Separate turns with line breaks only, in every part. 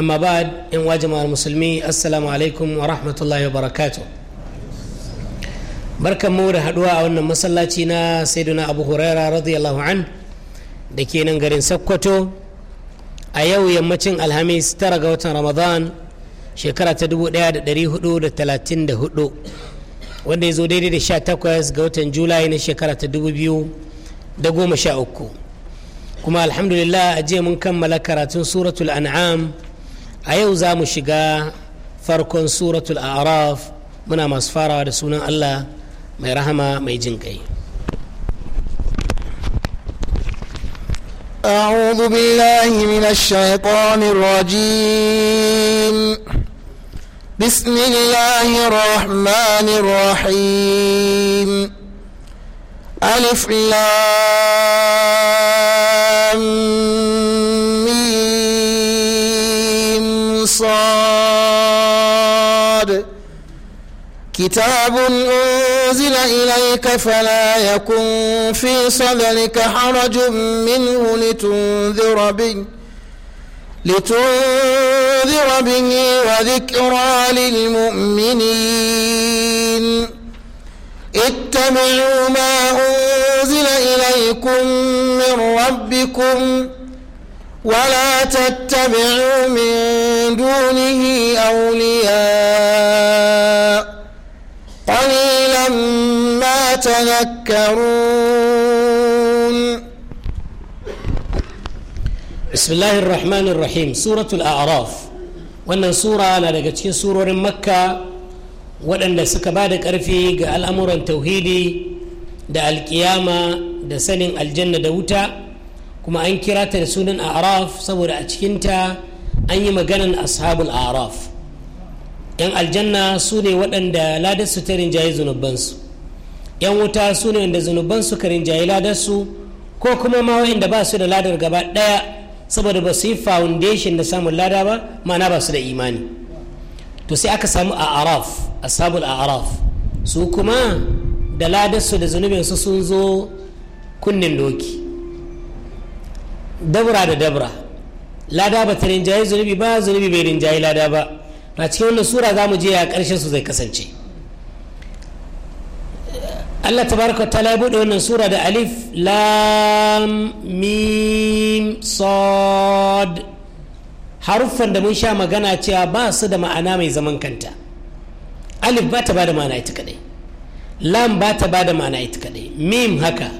amma ba yan wa musulmi assalamu alaikum wa rahmatullahi wa barakatu barkan mu da haduwa a wannan masallaci na saiduna abu huraira radiyallahu an da ke nan garin sokoto a yau yammacin alhamis tara ga watan ramadan shekara ta 1434 wanda ya zo daidai da 18 ga watan julai na shekara ta 2013 kuma alhamdulillah a jiya mun kammala karatun suratul an'am a yau za mu shiga farkon suratul araf muna masu farawa da sunan allah mai rahama mai jin kai
أعوذ بالله من الشيطان الرجيم بسم الله الرحمن الرحيم ألف لام صاد كتاب أنزل إليك فلا يكن في صدرك حرج منه لتنذر به لتنذر به وذكرى للمؤمنين اتبعوا ما أنزل إليكم من ربكم ولا تتبعوا من دونه أولياء قليلا ما تذكرون
بسم الله الرحمن الرحيم سورة الأعراف wannan sura na daga cikin surorin makka waɗanda suka ba da ƙarfi ga al'amuran tauhidi da alƙiyama da sanin aljanna da wuta kuma an kira ta da sunan araf saboda a cikinta an yi maganan ashabul araf yan aljanna su ne waɗanda ladarsu ta rinjaye zunubansu yan wuta su ne wanda zunubansu ka rinjaye ladarsu ko kuma ma wa'inda ba su da ladar gaba ɗaya saboda ba su yi foundation da samun lada ba ma'ana ba su da imani to sai aka samu a araf ashabul araf su kuma da ladarsu da zunubinsu sun zo kunnen doki dabra da dabra lada ba ta rinjaye zunubi ba zunubi bai rinjaye lada ba a cikin wannan sura za mu je a ƙarshen su zai kasance Allah ta baraka ta ya buɗe wannan sura da alif lam mim sod haruffan da mun sha magana cewa ba su da ma'ana mai zaman kanta alif ba ta ba da ma'ana ita kadai lam ba ta ba da ma'ana ita kadai mim haka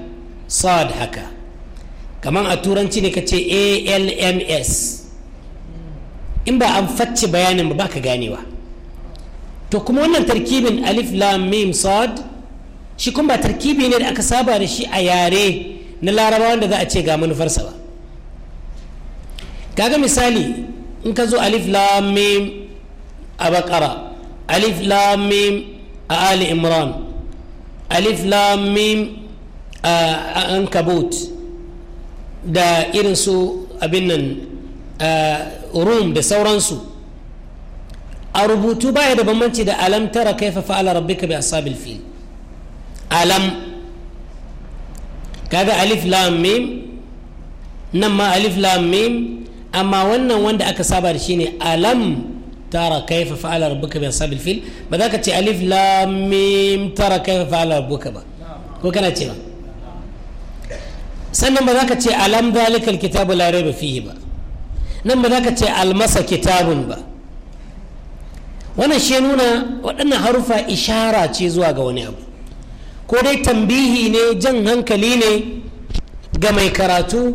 sod haka kamar a turanci ne ka ce alms in ba an facce bayanin ba baka ganewa to kuma wannan tarkibin alif lam mim sad shi kuma ba tarkibi ne da aka saba da shi a yare na laraba wanda za a ce ga manufarsa ba kaga misali in ka zo alif lam mim a bakara alif lam mim a ali imran alif lam mim a ankabut da irin su abin nan eh, rum da sauransu a rubutu baya da bambanci da alam tara kaifa fa'ala rabbika bi ashabil fil alam kaga alif lam mim nan ma alif lam mim amma wannan wanda aka saba da shi ne alam tara kaifa fa'ala rabbuka bi ashabil fil ba za ka ce alif lam mim tara kaifa fa'ala rabbuka ba ko kana ce ba sannan ba za ka ce alam dalikal kitabu la raiba fihi ba nan ba za ka ce almasa kitabun ba wannan shi nuna waɗannan harufa ishara ce zuwa ga wani abu ko dai tambihi ne jan hankali ne ga mai karatu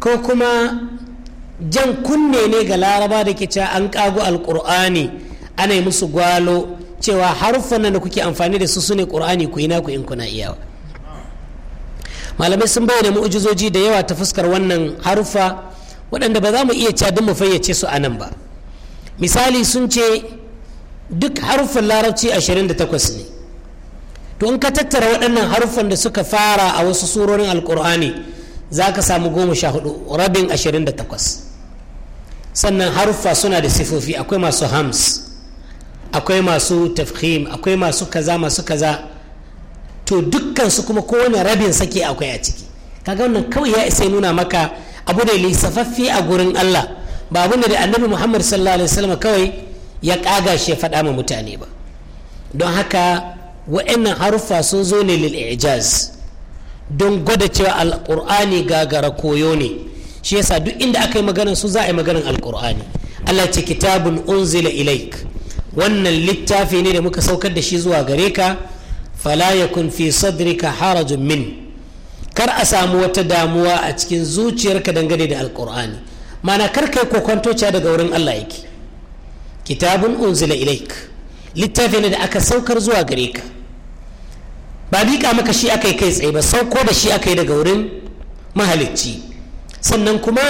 ko kuma jan kunne ne ga laraba da ke cewa an kago alƙur'ani ana yi musu gwalo cewa harufan nan da kuke amfani da su su ne ƙur'ani ku yi naku in kuna iyawa malamai sun bayyana mu'ujizoji da yawa ta fuskar wannan harufa waɗanda ba za mu iya ca mu fayyace su a nan ba misali sun ce duk haruffan larabci 28 ne to in ka tattara waɗannan haruffan da suka fara a wasu surorin alkur'ani za ka samu goma sha hudu rabin 28 sannan haruffa suna da sifofi akwai masu hams akwai masu tafhim akwai masu kaza masu kaza to dukkansu kuma kowane rabin sake akwai a ciki kaga wannan kawai ya isa nuna maka abu da lissafaffe a gurin Allah ba abin da annabi Muhammad sallallahu alaihi wasallam kawai ya kaga shi faɗa ma mutane ba don haka wa'annan haruffa sun zo ne lil ijaz don gwada cewa alqur'ani gagara koyo ne shi yasa duk inda aka yi maganar su za a yi maganar alqur'ani Allah ce kitabun unzila ilaik wannan littafi ne da muka saukar da shi zuwa gare ka fala yakun fi sadrika harajun min kar a samu wata damuwa a cikin zuciyarka dangane da alkur'ani mana kar kai kokonto daga wurin Allah yake kitabun unzila ilaik littafi ne da aka saukar zuwa gare ka ba miƙa maka shi aka yi kai tsaye ba sauko da shi aka yi daga wurin mahalicci sannan kuma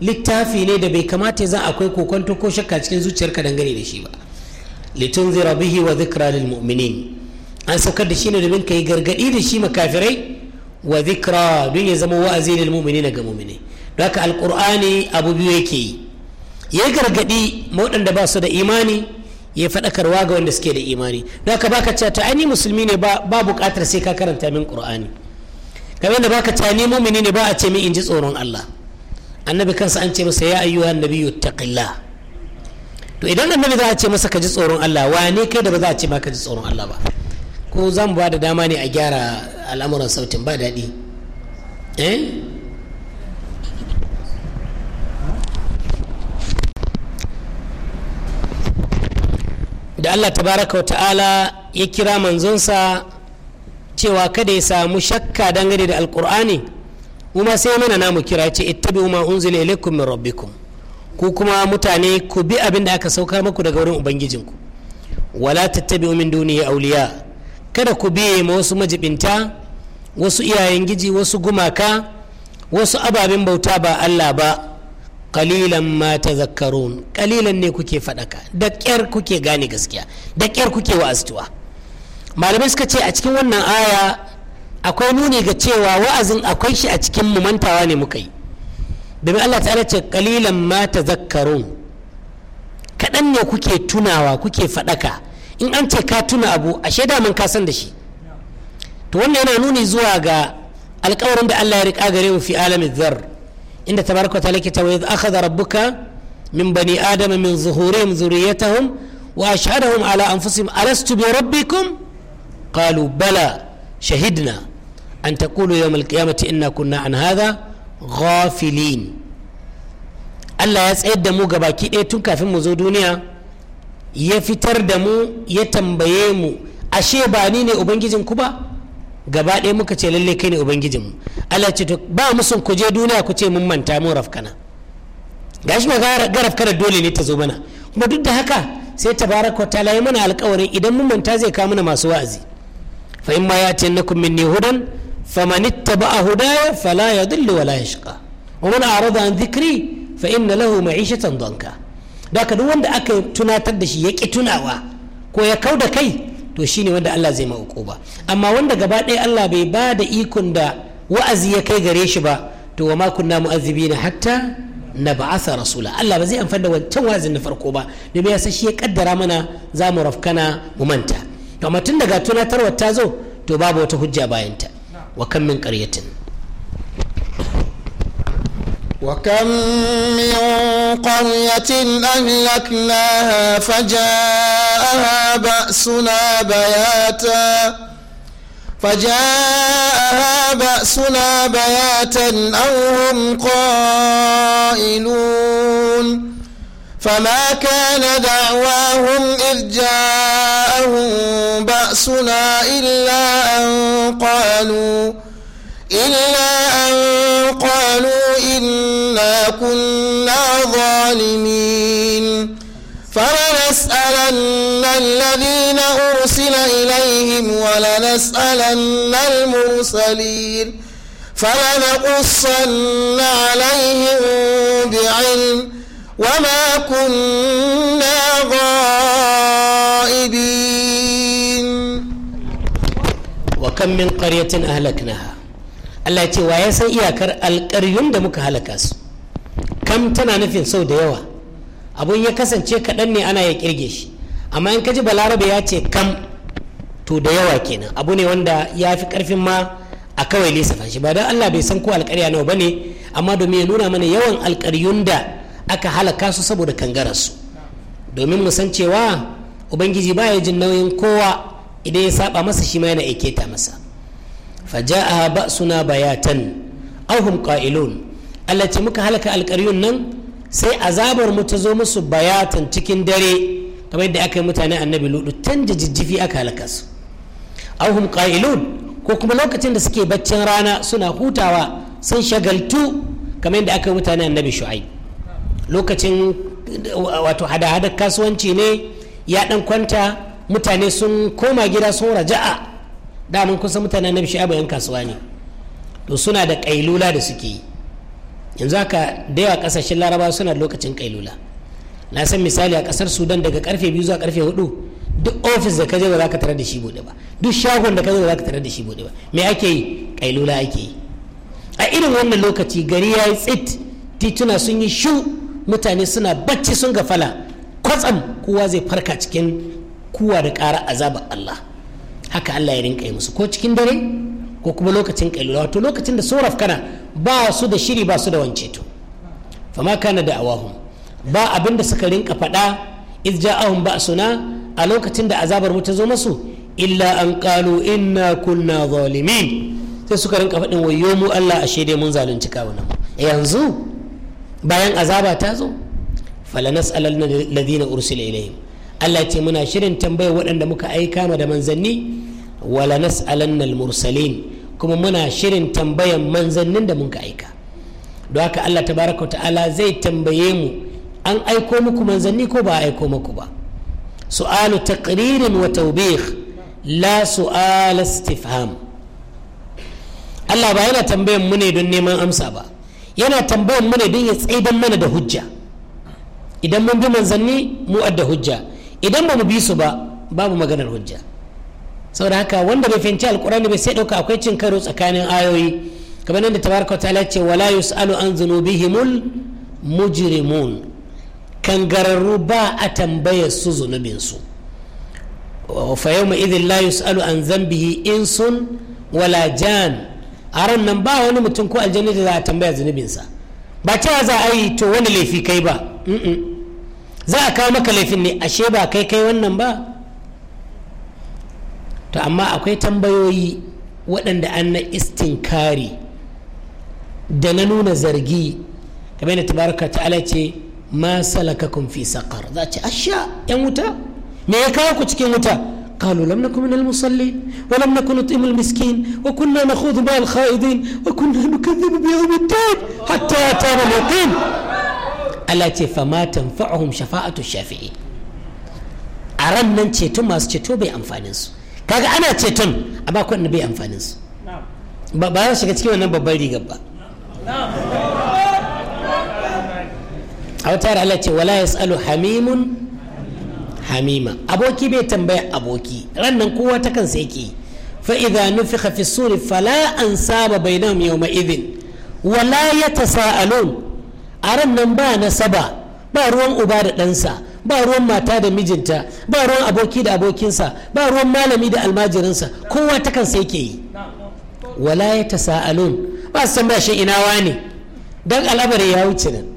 littafi ne da bai kamata za akwai kokonto ko shakka cikin zuciyarka dangane da shi ba litunzira bihi wa zikra lil mu'minin an saukar da shi ne domin ka yi gargaɗi da shi makafirai wa zikra don ya zama wa'azi da mumini ga mumini don haka alƙur'ani abu biyu yake yi ya yi gargaɗi waɗanda ba su da imani ya faɗakarwa ga wanda suke da imani don haka baka cewa ta musulmi ne ba buƙatar sai ka karanta min ƙur'ani kamar da baka ta ni mumini ne ba a ce min in ji tsoron Allah annabi kansa an ce masa ya ayyuha nabiyyu taqillah to idan annabi za a ce masa ka ji tsoron Allah wane kai da ba za a ce ma ka ji tsoron Allah ba ko za mu ba da dama ne a gyara al'amuran sautin ba daɗi eh? da allah tabaraka wa ta'ala ya kira manzonsa cewa kada ya samu shakka dangane da alkur'ani kuma sai mana namu kira ce ittabi'u ma unzila ilaykum min rabbikum ku kuma mutane ku bi abin da aka saukar muku daga wurin ubangijinku wala tattabi'u min duniya auliya kada ku biye ma wasu majibinta wasu iyayen giji wasu gumaka wasu ababen bauta ba Allah ba kalilan ma tazakkarun kalilan ne kuke faɗaka da ƙyar kuke gane gaskiya da ƙyar kuke wa'aztuwa malamai suka ce a cikin wannan aya akwai nuni ga cewa wa'azin akwai shi a cikin mu mantawa ne muka yi domin Allah ta ce kalilan ma tazakkarun kaɗan ne kuke tunawa kuke faɗaka in an ce ka tuna abu ashe daman ka san da shi to wannan yana nuni zuwa ga alkawarin da Allah ya rika gare mu fi alamin zar inda tabaraka ta aka tawaye akhadha rabbuka min bani adam min zuhurihim zuriyatahum wa ashhadahum ala anfusihim alastu bi rabbikum qalu bala shahidna an taqulu yawm alqiyamati inna kunna an hadha ghafilin Allah ya tsayar da mu gabaki ɗaya tun kafin mu zo duniya ya fitar da mu ya tambaye mu ashe ba ni ne ubangijin ku ba gaba ɗaya muka ce lalle kai ne ubangijin mu Allah ce to ba musun ku je duniya ku ce mun manta mun rafkana gashi ma ga rafkana dole ne ta zo mana kuma duk da haka sai tabaraka ta layi mana alƙawarin idan mun manta zai kawo mana masu wa'azi fa in ma kun minni hudan faman ittaba'a hudaya fala yadhillu wala yashqa wa man a'rada an dhikri fa inna lahu ma'ishatan danka da ka duk wanda aka tunatar da shi ya ki tunawa ko ya kau da kai to shi ne wanda Allah zai mai ba amma wanda gaba ɗaya Allah bai ba da ikon da wa'azi ya kai gare shi ba to wa ma kunna na hatta na ba'asa rasula Allah ba zai amfani da wancan wazin na farko ba domin ya san shi ya kaddara mana za mu rafkana mu manta to amma tun daga tunatarwa ta zo to babu wata hujja bayanta wa kan min ƙaryatin
وكم من قرية أهلكناها فجاءها بأسنا بياتا فجاءها بأسنا بياتا أو هم قائلون فما كان دعواهم إذ جاءهم بأسنا إلا أن قالوا إلا لنسألن الذين أرسل إليهم ولنسألن المرسلين فلنقصن عليهم بعلم وما كنا غائبين
وكم من قرية أهلكناها Allah ya ce wa ya san iyakar alƙaryun da muka halaka su kam tana nufin sau da yawa abun ya kasance kaɗan ne ana ya ƙirge shi amma in ji balarabe ya ce kam to da yawa kenan abu ne wanda ya fi karfin ma a kawai lissafa shi ba don allah bai san ko alkarya nawa ba ne amma domin ya nuna mana yawan alkaryun da aka halaka su saboda kangararsu domin mu san cewa ubangiji baya jin nauyin kowa idan ya saba masa shi ma yana ta masa faja'a suna bayatan ahum ka'ilun qa'ilun Allah ce muka halaka alkaryun nan sai azabar mu ta zo musu bayatan cikin dare kamar yadda aka yi mutane annabi ludu tun da jijjifi aka halaka su ahum qailun ko kuma lokacin da suke baccin rana suna hutawa sun shagaltu kamar yadda aka yi mutane annabi shu'ai lokacin wato hada-hadar kasuwanci ne ya dan kwanta mutane sun koma gida sun raja'a mun kusa mutane annabi shu'ai bayan kasuwa ne to suna da kailula da suke yi yanzu haka da yawa kasashen laraba suna da lokacin kailula na san misali a kasar sudan daga karfe biyu zuwa karfe hudu duk ofis da ka je ba za ka tarar da shi bude ba duk shagon da ka je ba za ka tarar da shi bude ba me ake yi kailula ake yi a irin wannan lokaci gari ya yi tsit tituna sun yi shu mutane suna bacci sun ga fala kwatsam kowa zai farka cikin kuwa da ƙara azabar Allah haka Allah ya rinka yi musu ko cikin dare ko kuma lokacin kailula wato lokacin da soraf kana ba su da shiri ba su da wance fa fama kana da awahum ba abin da suka rinka faɗa iz ba suna a lokacin da azabar mu ta zo masu illa an qalu inna kunna zalimin sai suka rinka faɗin wayo mu Allah ashe dai mun zalunci kawunan yanzu bayan azaba ta zo falanas'alanna ladina ursila ilayhim Allah ce muna shirin tambayar waɗanda muka aika ma da manzanni wala nas'alanna al-mursalin kuma muna shirin tambayan manzannin da muka aika don haka Allah tabaraka ta'ala zai tambaye mu an aiko muku manzanni ko ba a aiko muku ba su'alu taqririn wa tawbih la su'al istifham Allah ba yana tambayan mu ne don neman amsa ba yana tambayan mu ne don ya tsaidan mana da hujja idan mun bi manzanni mu adda hujja idan ba mu bi su ba babu maganar hujja saboda haka wanda bai fahimci alkurani bai sai dauka akwai cin karo tsakanin ayoyi kamar yadda tabaraka ta'ala ce wala yus'alu an zunubihimul mujrimun kangararru ba a tambayar su zunubinsu fa yau idin la alu an zambihi sun wala jan a ran nan ba wani mutum ko aljanna da za a tambaya zunubinsa ba cewa za a yi to wani laifi kai ba za a kawo maka laifin ne ashe ba kai kai wannan ba to amma akwai tambayoyi waɗanda an na istinkari da na nuna zargi game da tabaraka ta'ala ce ma salakakum fi saqar za ce asha yan wuta me ya kawo ku cikin wuta قالوا لم نكن من المصلين ولم نكن نطعم المسكين وكنا نخوض مع الخائضين وكنا نكذب بيوم الدين حتى أتانا اليقين التي فما تنفعهم شفاعة الشافعين أرن نن تشيتو ما تشيتو بي أنفانس كاك أنا تشيتون أبا كون بي أنفانس ba ba za shiga cikin wannan babban rigar ba a wata da Allah ce wala yasalu hamimun hamima aboki bai tambaya aboki rannan kowa ta kansa yake fa idza nufikha fi suri fala bai bainahum yawma idhin wala yatasaalun a rannan ba nasaba ba ruwan uba da ɗansa ba ruwan mata da mijinta ba ruwan aboki da abokinsa ba ruwan malami da almajirinsa kowa ta kansa yake yi wala yatasaalun ba san ba shi ina ne dan al'amari ya wuce nan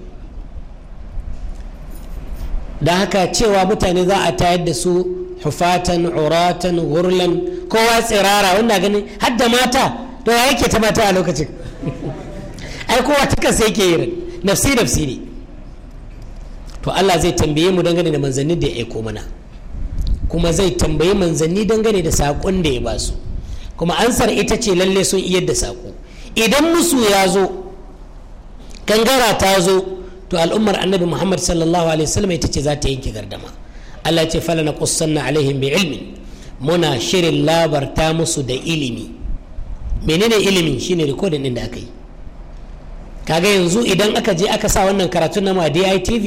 da haka cewa mutane za a tayar da su hufatan uratan gurlan kowa tsirara wanda ganin hadda mata to ya yake ta mata a lokacin ai kowa ta kansa yake yi nafsi nafsi ne to Allah zai tambaye mu dangane da manzanni da ya aiko mana kuma zai tambaye manzanni dangane da sakon da ya basu kuma ansar ita ce lalle sun iya da sako idan musu ya zo gangara ta zo to al'ummar annabi muhammad sallallahu alaihi wasallam ita ce za ta yanke gardama allah ce fala na kusanna alaihim bi ilmi muna shirin labarta musu da ilimi menene ilimin shine rikodin din da aka yi kaga yanzu idan aka je aka sa wannan karatun na ma DITV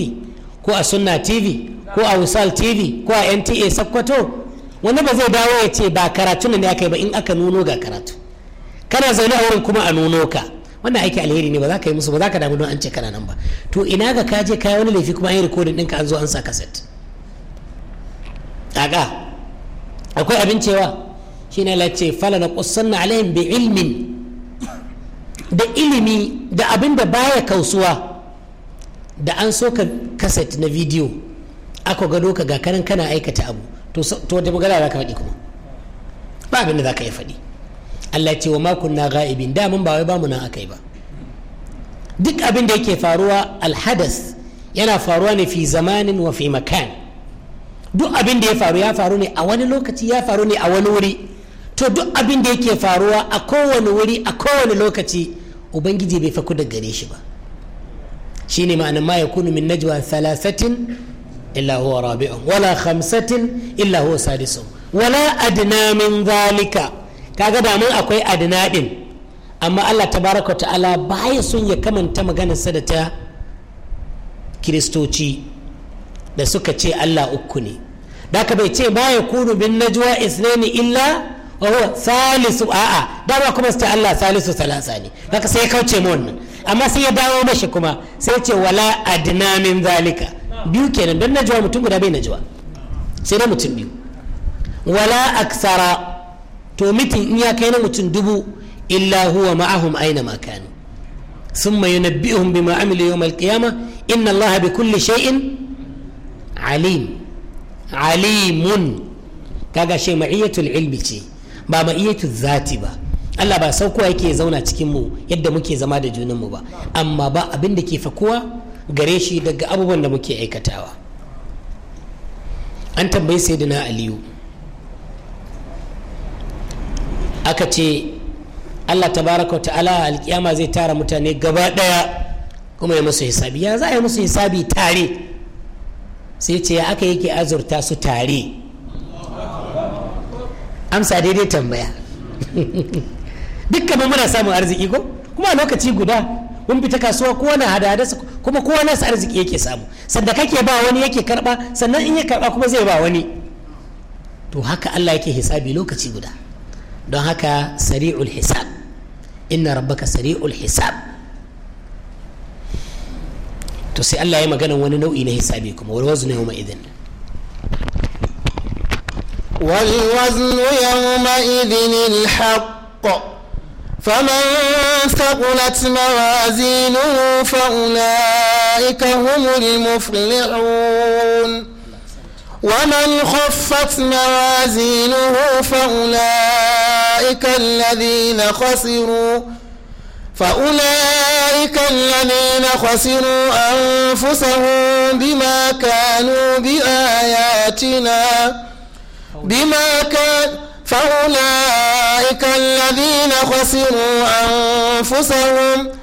ko a sunna TV ko a Wusal TV ko a NTA Sokoto wani ba zai dawo ya ce ba karatun ne aka yi ba in aka nuno ga karatu kana zaune a wurin kuma a nuno ka wannan aiki alheri ne ba za ka yi musu ba za ka damu don an ce kana nan ba to ina ga ka je kai wani laifi kuma an yi rikodin ɗinka an zo an sa kaset aga akwai abin cewa shi ne lace fala na kusanna alaihim bi ilmin da ilimi da abin da baya kausuwa da an so ka kaset na bidiyo aka gado ka ga kanan kana aikata abu to da magana za ka faɗi kuma ba abin da za ka yi faɗi Allah ce wa makon na ghaibin da mun ba wai bamu nan nan akai ba duk abin da yake faruwa alhadas yana faruwa ne fi zamanin wa fi makan duk abin da ya faru ya faru ne a wani lokaci ya faru ne a wani wuri to duk abin da yake faruwa a kowane wuri a kowane lokaci ubangiji bai faku da gare shi ba shine ma'anar ma yakunu min najwa thalathatin illa huwa rabi'un wala khamsatin illa huwa sadisun wala adna min zalika kaga da mun akwai adina din amma Allah tabaraka ta'ala baya sun ya kamanta sa da ta kiristoci da suka ce Allah uku ne daka bai ce baya kunu bin najwa isnaini illa wa huwa salisu a'a dama kuma su ta Allah salisu salasa ne daka sai ya kauce mu wannan amma sai ya dawo mashi kuma sai ce wala adna min zalika biyu kenan don najwa mutum guda bai najwa sai na mutum biyu wala aksara to mitin in ya kai na mutum dubu illa huwa ma'ahum aina ma kanu bima ينبئهم yawm al-qiyama inna إن bi kulli shay'in alim alimun kaga شيء ma'iyatul ilmi ce ba ma'iyyatu zati ba Allah ba saukowa yake zauna cikin mu yadda muke zama da junan mu ba amma ba abin da ke fakuwa gare shi daga abubuwan da muke aikatawa an tambayi sayyidina aliyu aka ce allah tabaraka ta'ala alkiyama zai tara mutane gaba daya kuma ya musu hisabi ya za a yi musu hisabi tare sai ce ya aka yake azurta su tare amsa daidai tambaya dukkan muna samun arziki ko kuma a lokaci guda mun fita kasuwa kowa na hada kuma kowa nasa arziki yake samu sanda kake ba wani yake karba sannan in ya karba kuma zai ba wani to haka allah yake hisabi lokaci guda don haka sari'ul hisab inna rabbaka sari'ul hisab to sai Allah ya magana wani nau'i na hisabi kuma wal waznu yawma idin
wal waznu yawma idin al haqq فمن ثقلت موازينه فأولئك هم المفلحون ومن خفت موازينه فأولئك الذين خسروا فأولئك الذين خسروا أنفسهم بما كانوا بآياتنا بما كان فأولئك الذين خسروا أنفسهم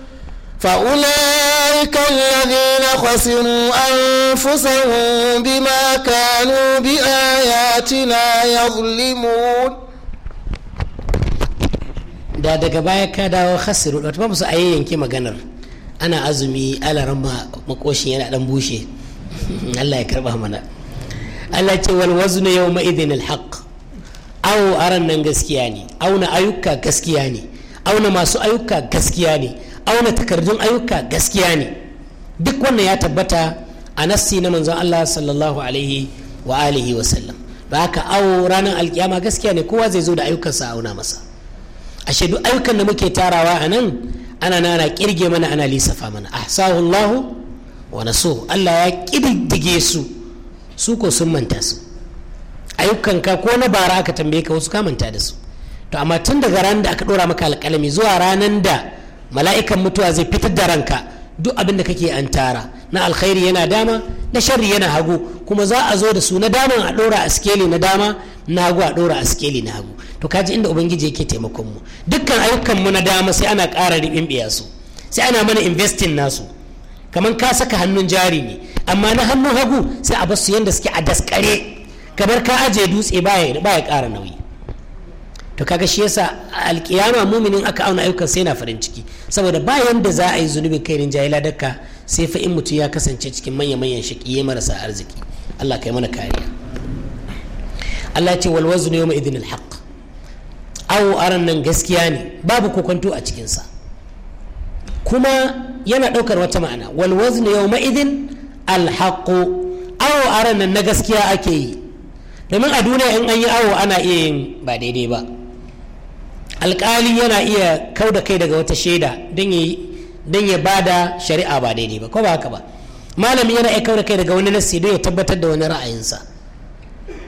فأولئك الذين خسروا أنفسهم بما كانوا بآياتنا يظلمون
da daga baya ka dawo khasiru wata ba su a yanke maganar ana azumi ala ramma makoshin yana dan bushe Allah ya karba mana Allah ce wal waznu yawma idhin al haqq aw aran nan gaskiya ne auna ayyuka gaskiya ne auna masu ayyuka gaskiya ne auna takardun ayyuka gaskiya ne duk wannan ya tabbata a nassi na manzon Allah sallallahu alaihi wa alihi wa sallam ba haka awo ranar alkiyama gaskiya ne kowa zai zo da ayyukansa a auna masa ashe duk ayyukan da muke tarawa a nan ana nana kirge mana ana lissafa mana ahsahu Allahu wa nasu Allah ya kididdige su su ko sun manta su ayyukan ka ko na bara aka tambaye ka wasu ka manta da su to amma tun daga ranar da aka dora maka alƙalami zuwa ranar da mala'ikan mutuwa zai fitar da ranka duk abin da kake an tara na alkhairi yana dama na sharri yana hagu kuma za a zo da su na dama a ɗora a skeli na dama na hagu a ɗora a skeli na hagu to kaji inda ubangiji yake taimakon mu dukkan ayyukan mu na dama sai ana ƙara ribimbiya su sai ana mana investing nasu kamar ka saka hannun jari ne amma na hannun hagu sai a basu yadda suke a daskare kamar ka ajiye dutse baya ƙara nauyi to kaga shi yasa alkiyama muminin aka auna ayyukan sai na farin ciki saboda bayan da za a yi zunubin kai jahila ladakka sai fa in mutum ya kasance cikin manya-manyan shaƙiye marasa arziki Allah kai mana kariya Allah ce wal waznu yawma idin al haqq aran nan gaskiya ne babu kokonto a cikin sa kuma yana daukar wata ma'ana wal waznu yawma idin al haqq aran nan na gaskiya ake yi domin a duniya in an yi awo ana iya yin ba daidai ba alƙali yana iya kau da kai daga wata shaida don ya ba da shari'a ba daidai ba ko ba haka ba malami yana iya kau da kai daga wani nassi don ya tabbatar da wani ra'ayinsa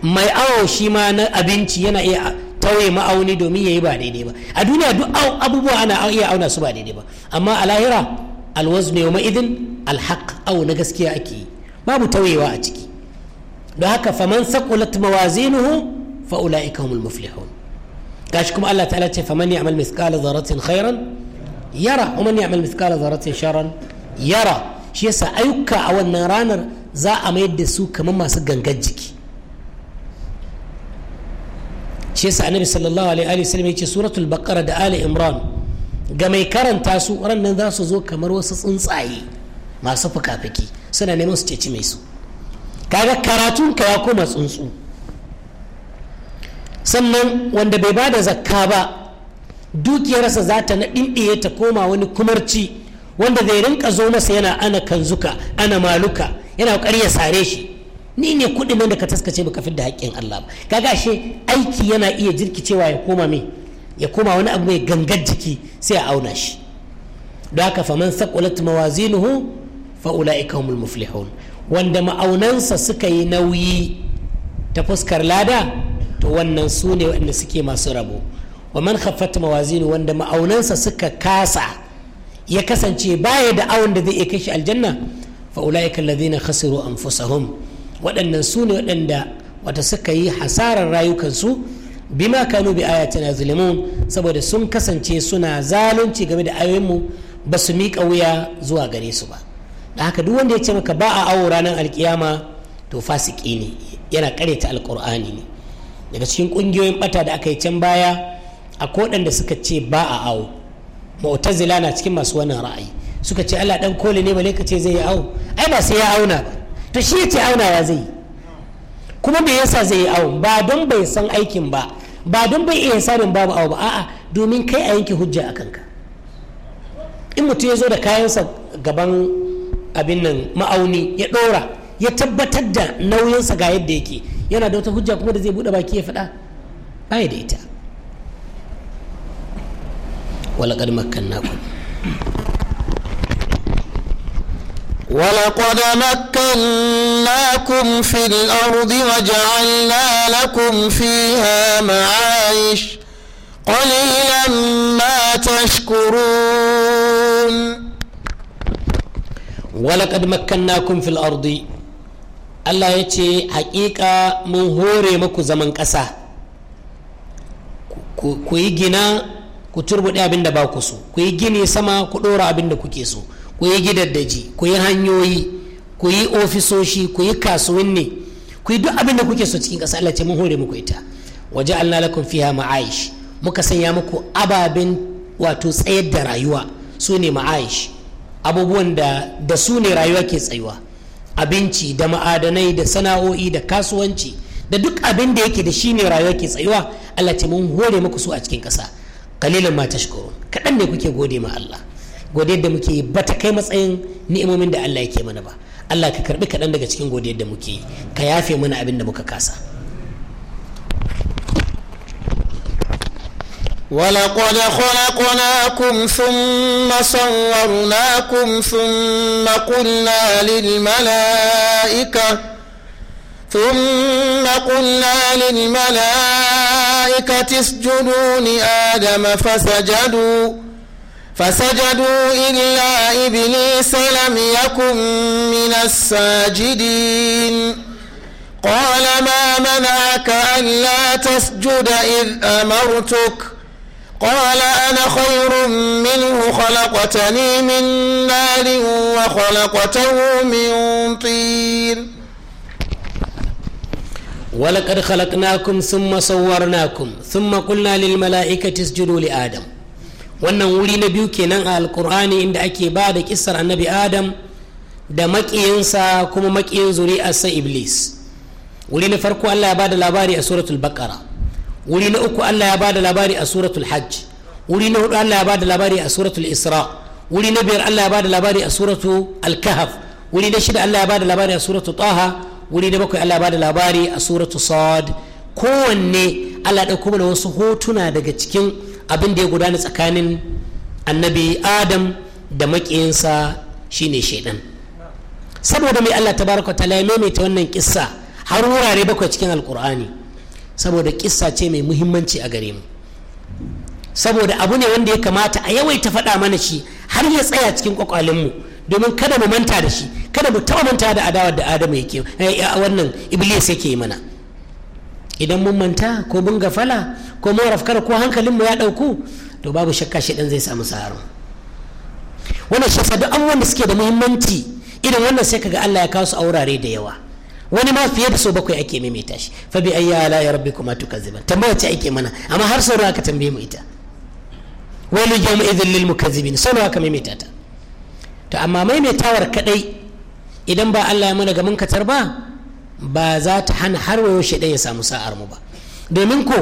mai awo shi ma na abinci yana iya tauye ma'auni domin ya yi ba daidai ba a duniya duk abubuwa ana iya auna su ba daidai ba amma a lahira alwazne wa ma'idin alhaq au na gaskiya ake yi babu tauyewa a ciki don haka faman sakulat mawazinuhu fa ulaika humul muflihun gashi kuma Allah ta'ala ce faman ya'mal mithqala dharratin khairan yara wa man ya'mal mithqala dharratin sharran yara shi yasa ayyuka a wannan ranar za a mayar da su kamar masu gangan jiki shi yasa annabi sallallahu alaihi wa sallam yace suratul baqara da ali imran ga mai karanta su ranar za su zo kamar wasu tsuntsaye masu fuka-fuki suna neman su ceci mai su kaga karatun ka ya koma tsuntsu sannan wanda bai ba da zakka ba dukiyarsa za ta naɗinɗiye ta koma wani kumarci wanda zai rinka zo masa yana ana kanzuka ana maluka yana ya sare shi ni ne kuɗi nan da ka taskace baka fidda haƙƙin Allah ba kaga ashe aiki yana iya jirkicewa ya koma me ya koma wani abu mai gangar jiki sai a auna shi don haka faman saqulat mawazinuhu fa ulaika humul muflihun wanda ma'aunansa suka yi nauyi ta fuskar lada to wannan su ne waɗanda suke masu rabo wa man khaffat mawazinu wanda ma'aunansa suka kasa ya kasance baya da awon da zai iya kashi aljanna fa ulaika alladhina khasiru anfusahum waɗannan su ne waɗanda wata suka yi hasarar rayukansu bima kanu bi ayatina zulimun saboda sun kasance suna zalunci game da ayoyinmu ba su miƙa wuya zuwa gare su ba da haka duk wanda ya ce maka ba a awo ranar alkiyama to fasiki ne yana ta alkur'ani ne daga cikin kungiyoyin bata da aka yi can baya a koɗanda suka ce ba a awo mu'tazila na cikin masu wannan ra'ayi suka ce Allah dan koli ne bale ka ce zai yi awo ai ba sai ya auna ba to shi ya ce ya zai kuma me yasa zai yi awo ba don bai san aikin ba ba don bai iya sanin babu awo ba a'a domin kai a yanke hujja a ka in mutum ya zo da kayansa gaban abin nan ma'auni ya ɗora ya tabbatar da nauyinsa ga yadda yake yana da wata hujja kuma da zai bude baki ya fada baya da ita walaƙar makkannakum
ولقد مكناكم في الأرض وجعلنا لكم فيها معايش قليلا ما تشكرون
ولقد مكناكم في الأرض Allah ya ce haƙiƙa mun hore muku zaman ƙasa ku yi gina ku turbuɗe abin da ba ku so ku yi gini sama ku ɗora abin da kuke so ku yi gidaddaji ku yi hanyoyi ku yi ofisoshi ku yi kasuwanni ku yi duk abin da kuke so cikin ƙasa Allah ce mun hore muku ita waje Allah lakum fiha ma'aish muka sanya muku ababen wato tsayar da rayuwa su ne ma'aish abubuwan da da su ne rayuwa ke tsayuwa abinci da ma'adanai da sana'o'i da kasuwanci da duk abin da yake da shi ne rayuwa ke tsayuwa Allah ce mun hore muku su a cikin ƙasa kalilan ma tashko kaɗan ne kuke gode ma Allah godiyar da muke yi bata kai matsayin ni'imomin da Allah yake mana ba Allah ka karbi kaɗan daga cikin godiyar da muke yi ka yafe mana abin da muka kasa
ولقد خلقناكم ثم صورناكم ثم قلنا للملائكة ثم قلنا للملائكة اسجدوا لآدم فسجدوا فسجدوا إلا إبليس لم يكن من الساجدين قال ما منعك ألا تسجد إذ أمرتك قال أنا خير منه خلقتني من نار وخلقته من طين
ولقد خلقناكم ثم صورناكم ثم قلنا للملائكة اسجدوا لآدم wannan wuri na biyu kenan a alkur'ani inda ake ba da kisar annabi adam da maƙiyinsa kuma maƙiyin zuri'arsa iblis wuri na farko allah ya ba da labari a suratul baqara wuri na uku Allah ya bada labari a suratul hajj wuri na hudu Allah ya bada labari a suratul isra wuri na biyar Allah ya bada labari a suratul al-kahf wuri na shida Allah ya bada labari a suratul taha wuri na bakwai Allah ya bada labari a suratul sad kowanne Allah ya dauko mana wasu hotuna daga cikin abin da ya gudana tsakanin annabi adam da maƙiyinsa shine shaidan saboda mai Allah tabaraka ta ya maimaita wannan kissa har wurare bakwai cikin Alqur'ani. saboda kissa ce mai muhimmanci a gare mu saboda abu ne wanda ya kamata a yawaita faɗa mana shi har ya tsaya cikin kwakwalinmu domin kada mu manta da shi kada mu taɓa manta da adawar da adamu yake eh, wannan iblis yake yi mana idan mun manta ko mun gafala ko mun rafkar ko mu ya ɗauku to babu shakka shi ɗan zai samu sa'aro wannan shi duk abubuwan da suke da muhimmanci irin wannan sai kaga Allah ya kawo su a wurare da yawa wani ma fiye da so bakwai ake maimaita shi fa bi ayya ala ya rabbi kuma tukazziban tambaya ce ake mana amma har sau aka tambaye mu ita wailu yawma izin lil mukazzibin sau nawa aka maimaita ta to amma maimaitawar kaɗai idan ba Allah ya mana mun katar ba ba za ta hana har wayo shaidan ya samu sa'ar mu ba domin ko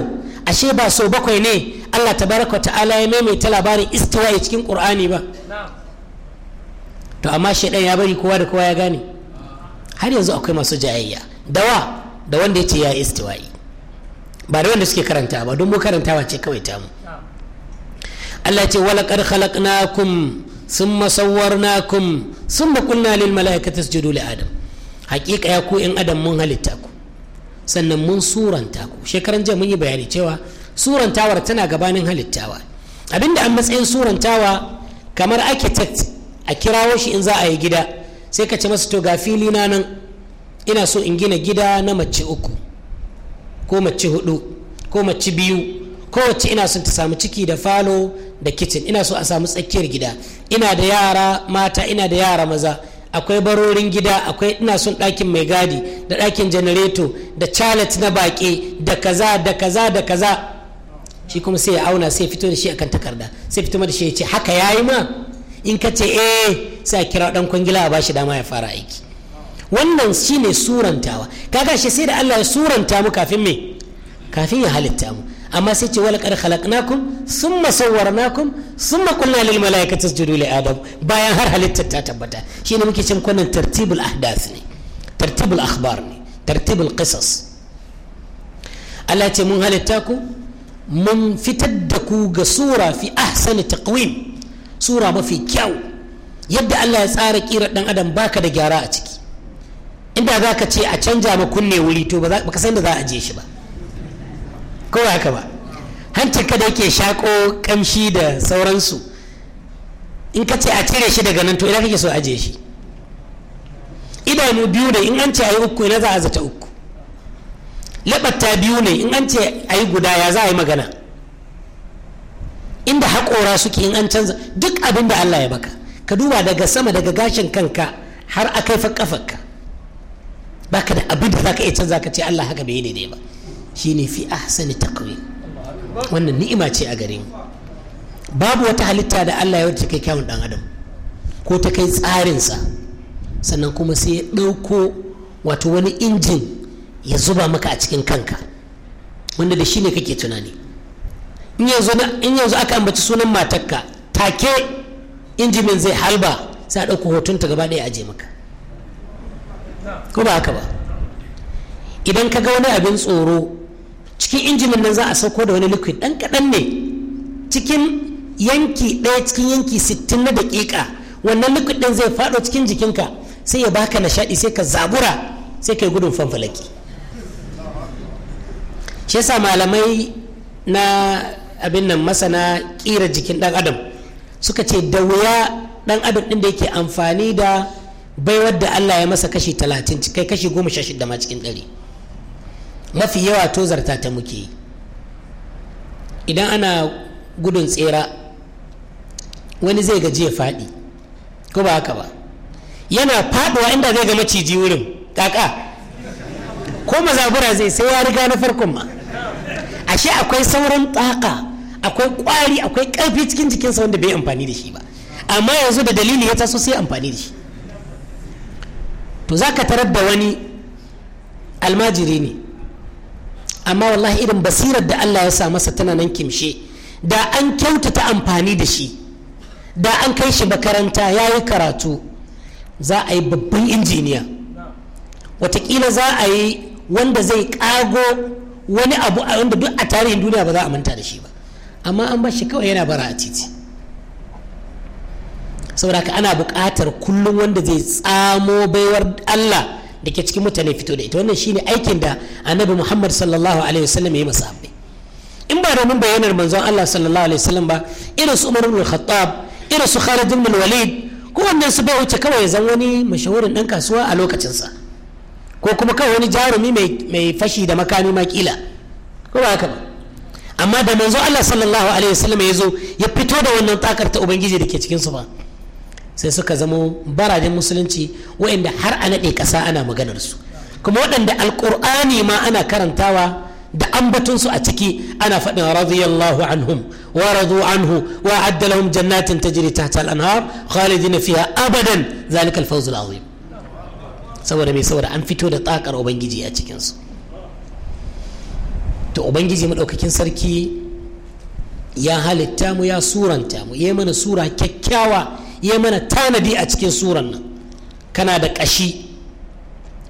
ashe ba so bakwai ne Allah ta tabaraka ta'ala ya maimaita labarin istiwa cikin Qur'ani ba to amma shaidan ya bari kowa da kowa ya gane har yanzu akwai masu jayayya dawa da wanda ya ce ya istiwa'i ba da wanda suke karanta ba don mu karantawa ce kawai tamu Allah ce kar khalaqnakum thumma sawwarnakum thumma qulna lil malaikati tasjudu li adam haqiqa ya ku in adam mun halitta ku sannan mun suranta ku shekaran jiya mun yi bayani cewa surantawar tana gabanin halittawa abinda an matsayin surantawa kamar architect a kirawo shi in za a yi gida sai ka ce masa to ga fili na nan ina so in gina gida na mace uku ko mace hudu ko mace biyu kowace ina son ta samu ciki da falo da kitchen ina so a samu tsakiyar gida ina da yara mata ina da yara maza akwai barorin gida akwai ina son ɗakin mai gadi da ɗakin janareto da chalet na baƙe da kaza da kaza da kaza shi kuma sai ya auna sai fito da shi akan takarda sai fito da shi ya ce haka yayi ma in ka ce eh sai a kira dan kwangila a bashi dama ya fara aiki wannan shine surantawa kaga shi sai da Allah ya suranta mu kafin me kafin ya halitta mu amma sai ce walaqad khalaqnakum thumma sawwarnakum thumma qulna lil malaikati isjudu li adam bayan har halitta ta tabbata shine muke cin kunnan tartibul ahdath ne tartibul akhbar ne tartibul qisas Allah ce mun halitta ku mun fitar da ku ga sura fi ahsani taqwim sura mafi kyau yadda Allah ya tsara kirar dan adam baka da gyara a ciki inda za ka ce a canja ma kunne wuri to ba ka san da za a je shi ba ko haka ba hanci ka da yake shako kamshi da sauransu in ka ce a cire shi daga nan to idan kake so je shi idanu biyu ne in an ce a yi uku ne za a zata uku labarta biyu ne in an ce a yi guda ya za a yi magana inda haƙora suke in an canza duk abin da Allah ya baka ka duba daga sama daga gashin kanka har a kai kafarka ba ka da abin da za ka iya canza ka ce Allah haka bai daidai ba shi ne fi ahsani takwi wannan ni'ima ce a gare mu babu wata halitta da Allah ya wata kai kyawun dan adam ko ta kai tsarinsa sannan kuma sai ya ɗauko wato wani injin ya zuba maka a cikin kanka wanda da shi ne kake tunani in yanzu aka ambaci sunan matarka take injimin zai halba sai a ɗauko hoton ta gaba ɗaya aje maka ko ba haka ba idan ka ga wani abin tsoro cikin injimin nan za a sauko da wani liquid ɗan kaɗan ne cikin yanki ɗaya cikin yanki sittin na daƙiƙa wannan liquid ɗin zai faɗo cikin jikinka sai ya baka nishaɗi sai ka zabura sai ka yi gudun fanfalaki shi yasa malamai na abin nan masana ƙira jikin ɗan adam suka ce da wuya dan abin din da yake amfani da bai wadda Allah ya masa kashi talatin kai kashi goma sha shida ma cikin ɗari mafi yawa to zarta ta muke idan ana gudun tsera wani zai gaji ya faɗi ko ba haka ba yana faɗuwa inda zai ga maciji wurin kaka ko mazabura zai sai ya riga na farkon ma ashe akwai sauran tsaka akwai kwari akwai karfi cikin jikinsa wanda bai amfani da shi ba amma yanzu da dalili ya taso sai amfani da shi to za ka tarar da wani almajiri ne amma wallahi irin basirar da Allah ya sa masa tana nan kimshe da an kyautata amfani da shi da an kai shi makaranta ya yi karatu za a yi babban injiniya watakila za a yi wanda zai kago wani abu a wanda duk a tarihin duniya ba za a manta da shi ba amma an ba shi kawai yana bara a titi saboda ka ana buƙatar kullum wanda zai tsamo baiwar Allah da ke cikin mutane fito da ita wannan shine aikin da annabi Muhammad sallallahu alaihi wasallam ya yi masa in ba domin bayanar manzon Allah sallallahu alaihi wasallam ba irin su Umar ibn Khattab irin su Khalid ibn Walid ko wannan su bai wuce kawai zan wani mashahurin dan kasuwa a lokacinsa ko kuma kawai wani jarumi mai fashi da makami ma kila ko ba haka ba amma da manzo Allah sallallahu alaihi wasallam ya zo ya fito da wannan takar ta ubangiji da ke cikin su ba sai suka zamo barajen musulunci waɗanda har a naɗe ƙasa ana maganar su kuma waɗanda alƙur'ani ma ana karantawa da ambatunsu a ciki ana faɗin radiyallahu anhum wa radu anhu wa adda jannatin tajri tahta al-anhar khalidin fiha abadan zalika al-fawz al-azim saboda me saboda an fito da takar ubangiji a cikin su to ubangiji maɗaukakin sarki ya halitta mu ya suranta mu ya mana sura kyakkyawa ya mana tanadi a cikin suran nan kana da ƙashi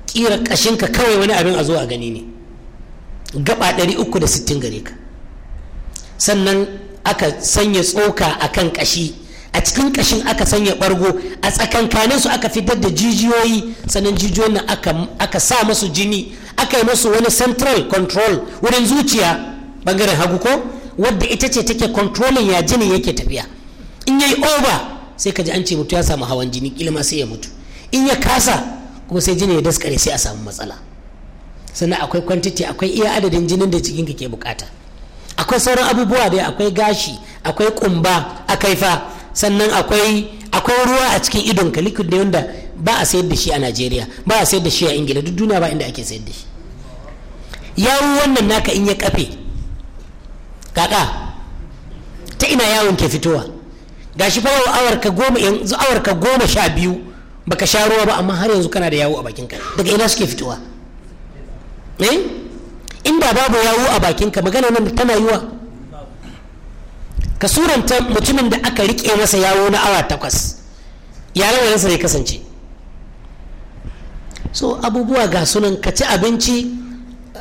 ƙira ƙashinka kawai wani abin a zo a gani ne gaba 360 gare ka sannan aka sanya tsoka a kan ƙashi a cikin kashin aka sanya bargo a tsakankanin su aka fitar da jijiyoyi sannan jijiyoyin na aka, sa masu jini aka yi masu wani central control wurin zuciya bangaren hagu ko wadda ita ce take controlling ya jini yake tafiya in yayi over sai ka ji an ce mutu ya samu hawan jini kilma sai ya mutu in ya kasa kuma sai jini ya daskare sai a samu matsala sannan akwai kwantiti akwai iya adadin jinin da cikinka ke bukata akwai sauran abubuwa da akwai gashi akwai kumba akai fa sannan akwai akwai ruwa a cikin idonka liquid ne wanda ba a sayar da shi a Najeriya ba a sayar da shi a Ingila duk duniya ba inda ake sayar da shi yawo wannan naka in ya kafe kaka ta ina yawon ke fitowa gashi fa awar ka goma yanzu awar ka goma sha biyu baka sha ruwa ba amma har yanzu kana da yawo a bakinka daga ina suke fitowa eh inda babu yawo a bakinka magana nan tana yiwa ka suranta mutumin da aka rike masa yawo na awa takwas ya lamarinsa zai kasance so abubuwa ga sunan ka ci abinci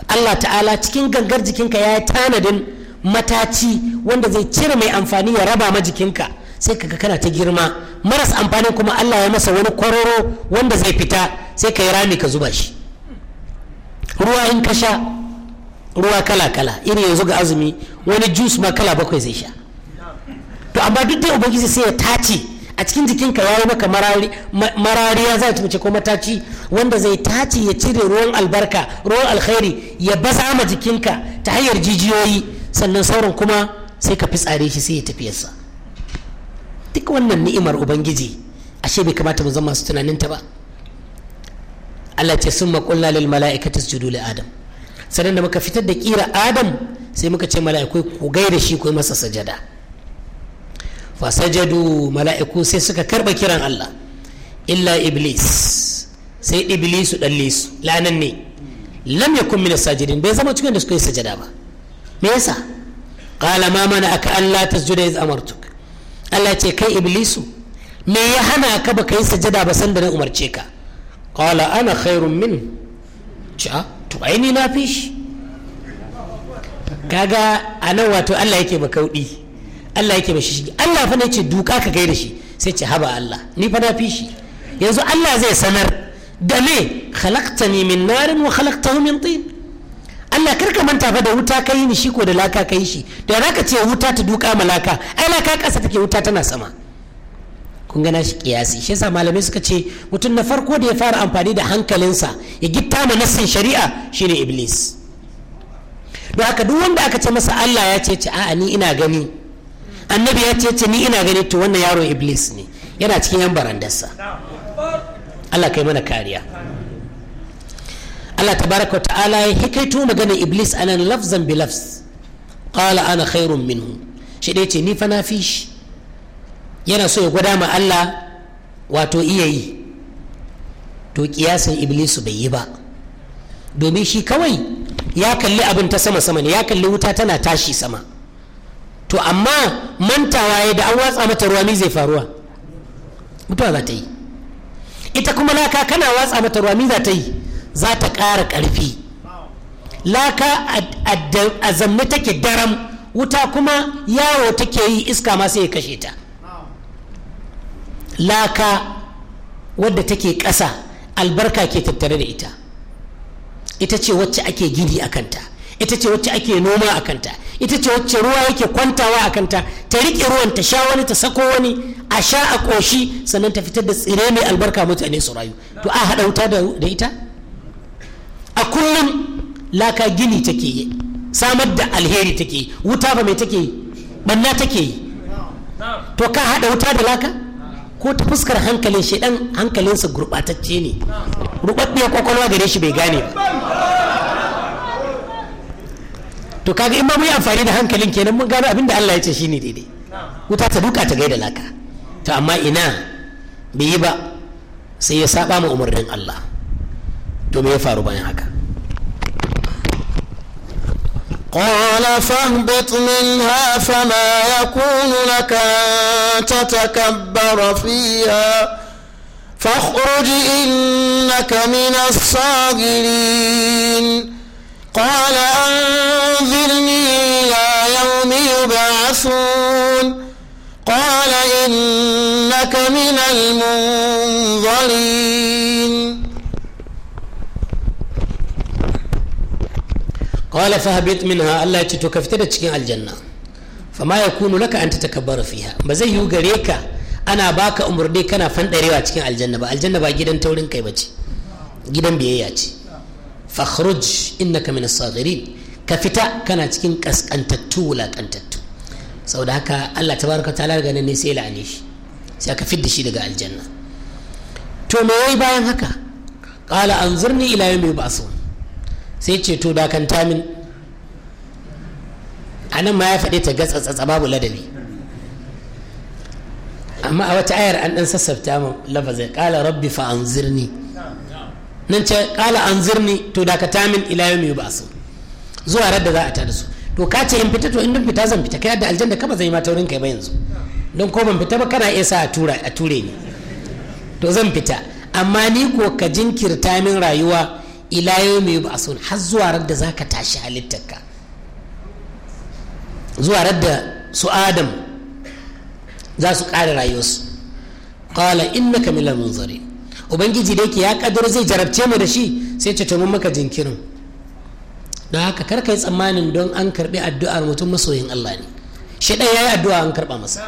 allah ta'ala cikin gangar jikinka ya yi tanadin mataci wanda zai cire mai amfani ya raba ma jikinka sai kaga kana ta girma maras amfani kuma allah ya masa wani kwaroro wanda zai fita sai ka yi rami ka zuba shi ruwa in ka sha ruwa kala-kala iri yanzu ga azumi wani jus ma kala bakwai zai sha to amma duk da ubangiji sai ya tace a cikin jikinka ya yi maka marariya za ta mace ko mataci wanda zai tace ya cire ruwan albarka ruwan alkhairi ya baza ma jikinka ta hanyar jijiyoyi sannan sauran kuma sai ka fi tsare shi sai ya tafi yasa duk wannan ni'imar ubangiji ashe bai kamata mu zama su tunaninta ba Allah ce sun maƙulla lil mala'ikati sujudu li adam sannan da muka fitar da kira adam sai muka ce mala'ikai ku gaida shi ku yi masa sajada fasajadu mala'iku sai suka karba kiran Allah illa iblis sai iblisu dan lisu lanan ne lam yakun min sajidin bai zama cikin da suka yi sajada ba me yasa qala ma mana aka Allah tasjuda iz amartuk Allah ce kai iblisu me ya hana ka ba kai sajada ba sanda na umarce ka qala ana khairun min ja ah, to aini na fi kaga anan wato Allah yake makaudi Allah yake ba shi Allah fa ne ce duka ka gaida shi sai ce haba Allah ni fa na fi shi yanzu Allah zai sanar da me khalaqtani min narin wa khalaqtahu min tin Allah kar ka manta fa da wuta kai ni shi ko da laka kai shi da ka ce wuta ta duka malaka ai laka kasa take wuta tana sama kun gana shi kiyasi shi yasa malamai suka ce mutum na farko da ya fara amfani da hankalinsa ya gitta ma nassin shari'a shine iblis don haka duk wanda aka ce masa Allah ya ce ce a'a ni ina gani annabi ya ce ni ina gani to wannan yaron iblis ne yana cikin yan barandarsa Allah kai mana kariya Allah tabaraka wa ta'ala ya hikaito magana iblis anan lafzan bi lafz qala ana khairun minhu shi dai ce ni fa na fi yana so ya gwada ma Allah wato iya yi to kiyasan iblis bai yi ba domin shi kawai ya kalli abin ta sama sama ne ya kalli wuta tana tashi sama to amma mantawa ya da an watsa mata ruwa mi zai faruwa mutuwa za ta yi ita kuma laka kana watsa mata ruwa mi za ta yi za ta ƙara ƙarfi laka a zamme take daram wuta kuma yawo take yi iska ma sai ya kashe ta laka wadda take ƙasa albarka ke tattare da ita ita ce wacce ake gini a kanta ita ce wacce ake noma a kanta ita ce wacce ruwa yake kwantawa a kanta ta riƙe ruwan ta sha wani ta sako wani a sha a ƙoshi sannan ta fitar da tsire mai albarka mutane su rayu to a haɗa wuta da ita a kullum laka gini take yi samar da alheri take yi wuta ba mai take yi banna take yi to ka haɗa wuta da laka ko ta fuskar hankalin ɗan hankalinsa gurɓatacce ne ruɓaɓɓiyar kwakwalwa gare shi bai gane ba to kaga in ma mu yi amfani da hankalin kenan mun gano abinda Allah ya ce shine daidai wuta ta duka ta gaida laka to amma ina bai yi ba sai ya saba ma umarnin Allah to me ya faru bayan haka
قال فاهبط منها فما يكون لك أن تتكبر فيها فاخرج إنك من الصاغرين قال أنذرني إلى يوم يبعثون قال إنك من المنظرين
قال فهبت منها ألا تتكفت تشكين الجنة فما يكون لك أن تتكبر فيها ما زي يغريك أنا باك أمرني كان فندري واتشكين الجنة الجنة با جدا تولين كيبتي جدا بيهياتي fakhruj innaka min as ka fita kana cikin kaskantattu wulakantattu da haka Allah tabaraka ta'ala daga nan ne sai la'ane shi sai aka fidda shi daga aljanna to me yayi bayan haka qala anzurni ila yawmi yub'athun sai ce to dakanta min nan ma ya faɗe ta gatsa-tsatsa babu ladabi amma a wata ayar an dan sassafta ma lafazai kala rabbi fa nan ce kala an zirni to dakata min ila yau mai ba'asu zuwa radda za a tada su to ka ce in fita to in fita zan fita kai da aljanna kama zai ma taurin kai ba yanzu don ko ban fita ba kana iya sa a tura a ture ni to zan fita amma ni ko ka jinkirta min rayuwa ila yau mai ba'asu har zuwa radda za ka tashi halittarka zuwa radda su adam za su ƙara rayuwarsu in innaka minal munzarin ubangiji da yake ya kadar zai jarabce mu da shi sai ce mun maka jinkirin don haka kar yi tsammanin don an karbi addu'ar mutum masoyin Allah ne shi ɗaya ya yi addu'a an karɓa masa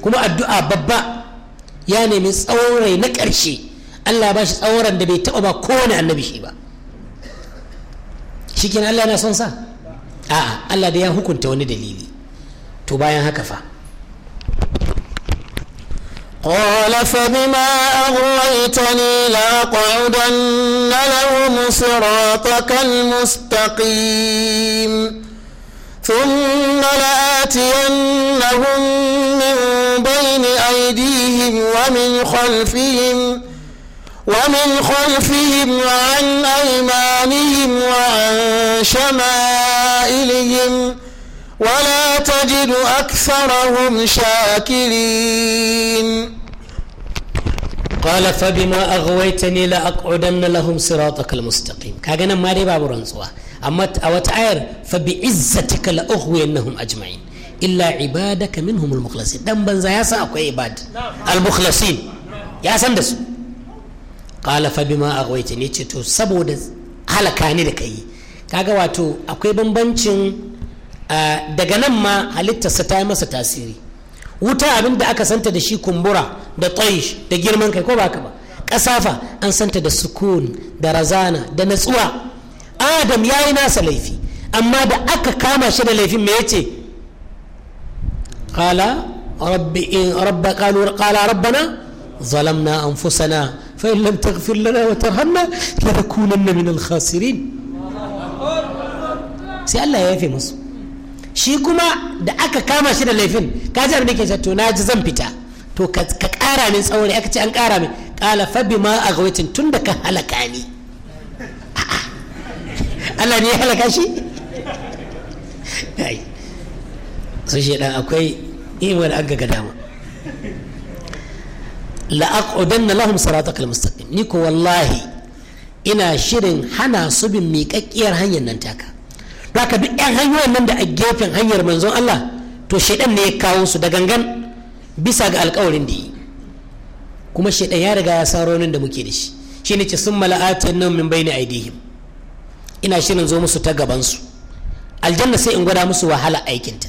kuma addu'a babba ya nemi tsawon na karshe Allah ba shi tsawon da bai taɓa ba kowane annabi shi ba shi Allah yana son sa a'a Allah da ya hukunta wani dalili to bayan
haka fa قال فبما أغويتني لأقعدن لهم صراطك المستقيم ثم لآتينهم من بين أيديهم ومن خلفهم ومن خلفهم وعن أيمانهم وعن شمائلهم ولا تجد أكثرهم شاكرين قال
فبما أغويتني لأقعدن لهم صراطك المستقيم كاغنا ما دي بابو رنسوا أما أوت آير فبعزتك لأغوينهم أجمعين إلا عبادك منهم المخلصين دم بنزا ياسا أكو عباد المخلصين يا سندس قال فبما أغويتني تتو سبو هلكاني لكي كاغا واتو أكو بمبنشن daga nan ma halittarsa ta yi masa tasiri wuta abin da aka santa da shi kumbura da taish da girman kai ko ba ka ba kasafa an santa da sukun da razana da natsuwa adam ya yi nasa laifi amma da aka kama shi da laifin me yace qala rabbi in rabba qalu qala rabbana zalamna anfusana fa in lam taghfir lana wa tarhamna lanakunanna min al-khasirin sai Allah ya yafe musu shi kuma da aka kama shi da laifin ka ji abin da to na ji zan fita to ka kara min tsauri aka ce an kara min kala fabi ma a gawacin tun da ka halaka ni Allah ne ya halaka shi su shi dan akwai wani an gaga dama na lahum siratakal mustaqim ni ko wallahi ina shirin hana su bin miƙaƙƙiyar hanyar nan taka haka duk yan hanyoyin nan da a gefen hanyar manzon Allah to shaidan ne ya kawo su da gangan bisa ga alkawarin da yi kuma shaidan ya riga ya saro nan da muke da shi shi ne ce sun mala'atan nan min bayni aidihim ina shirin zo musu ta gaban aljanna sai in gwada musu wahala aikinta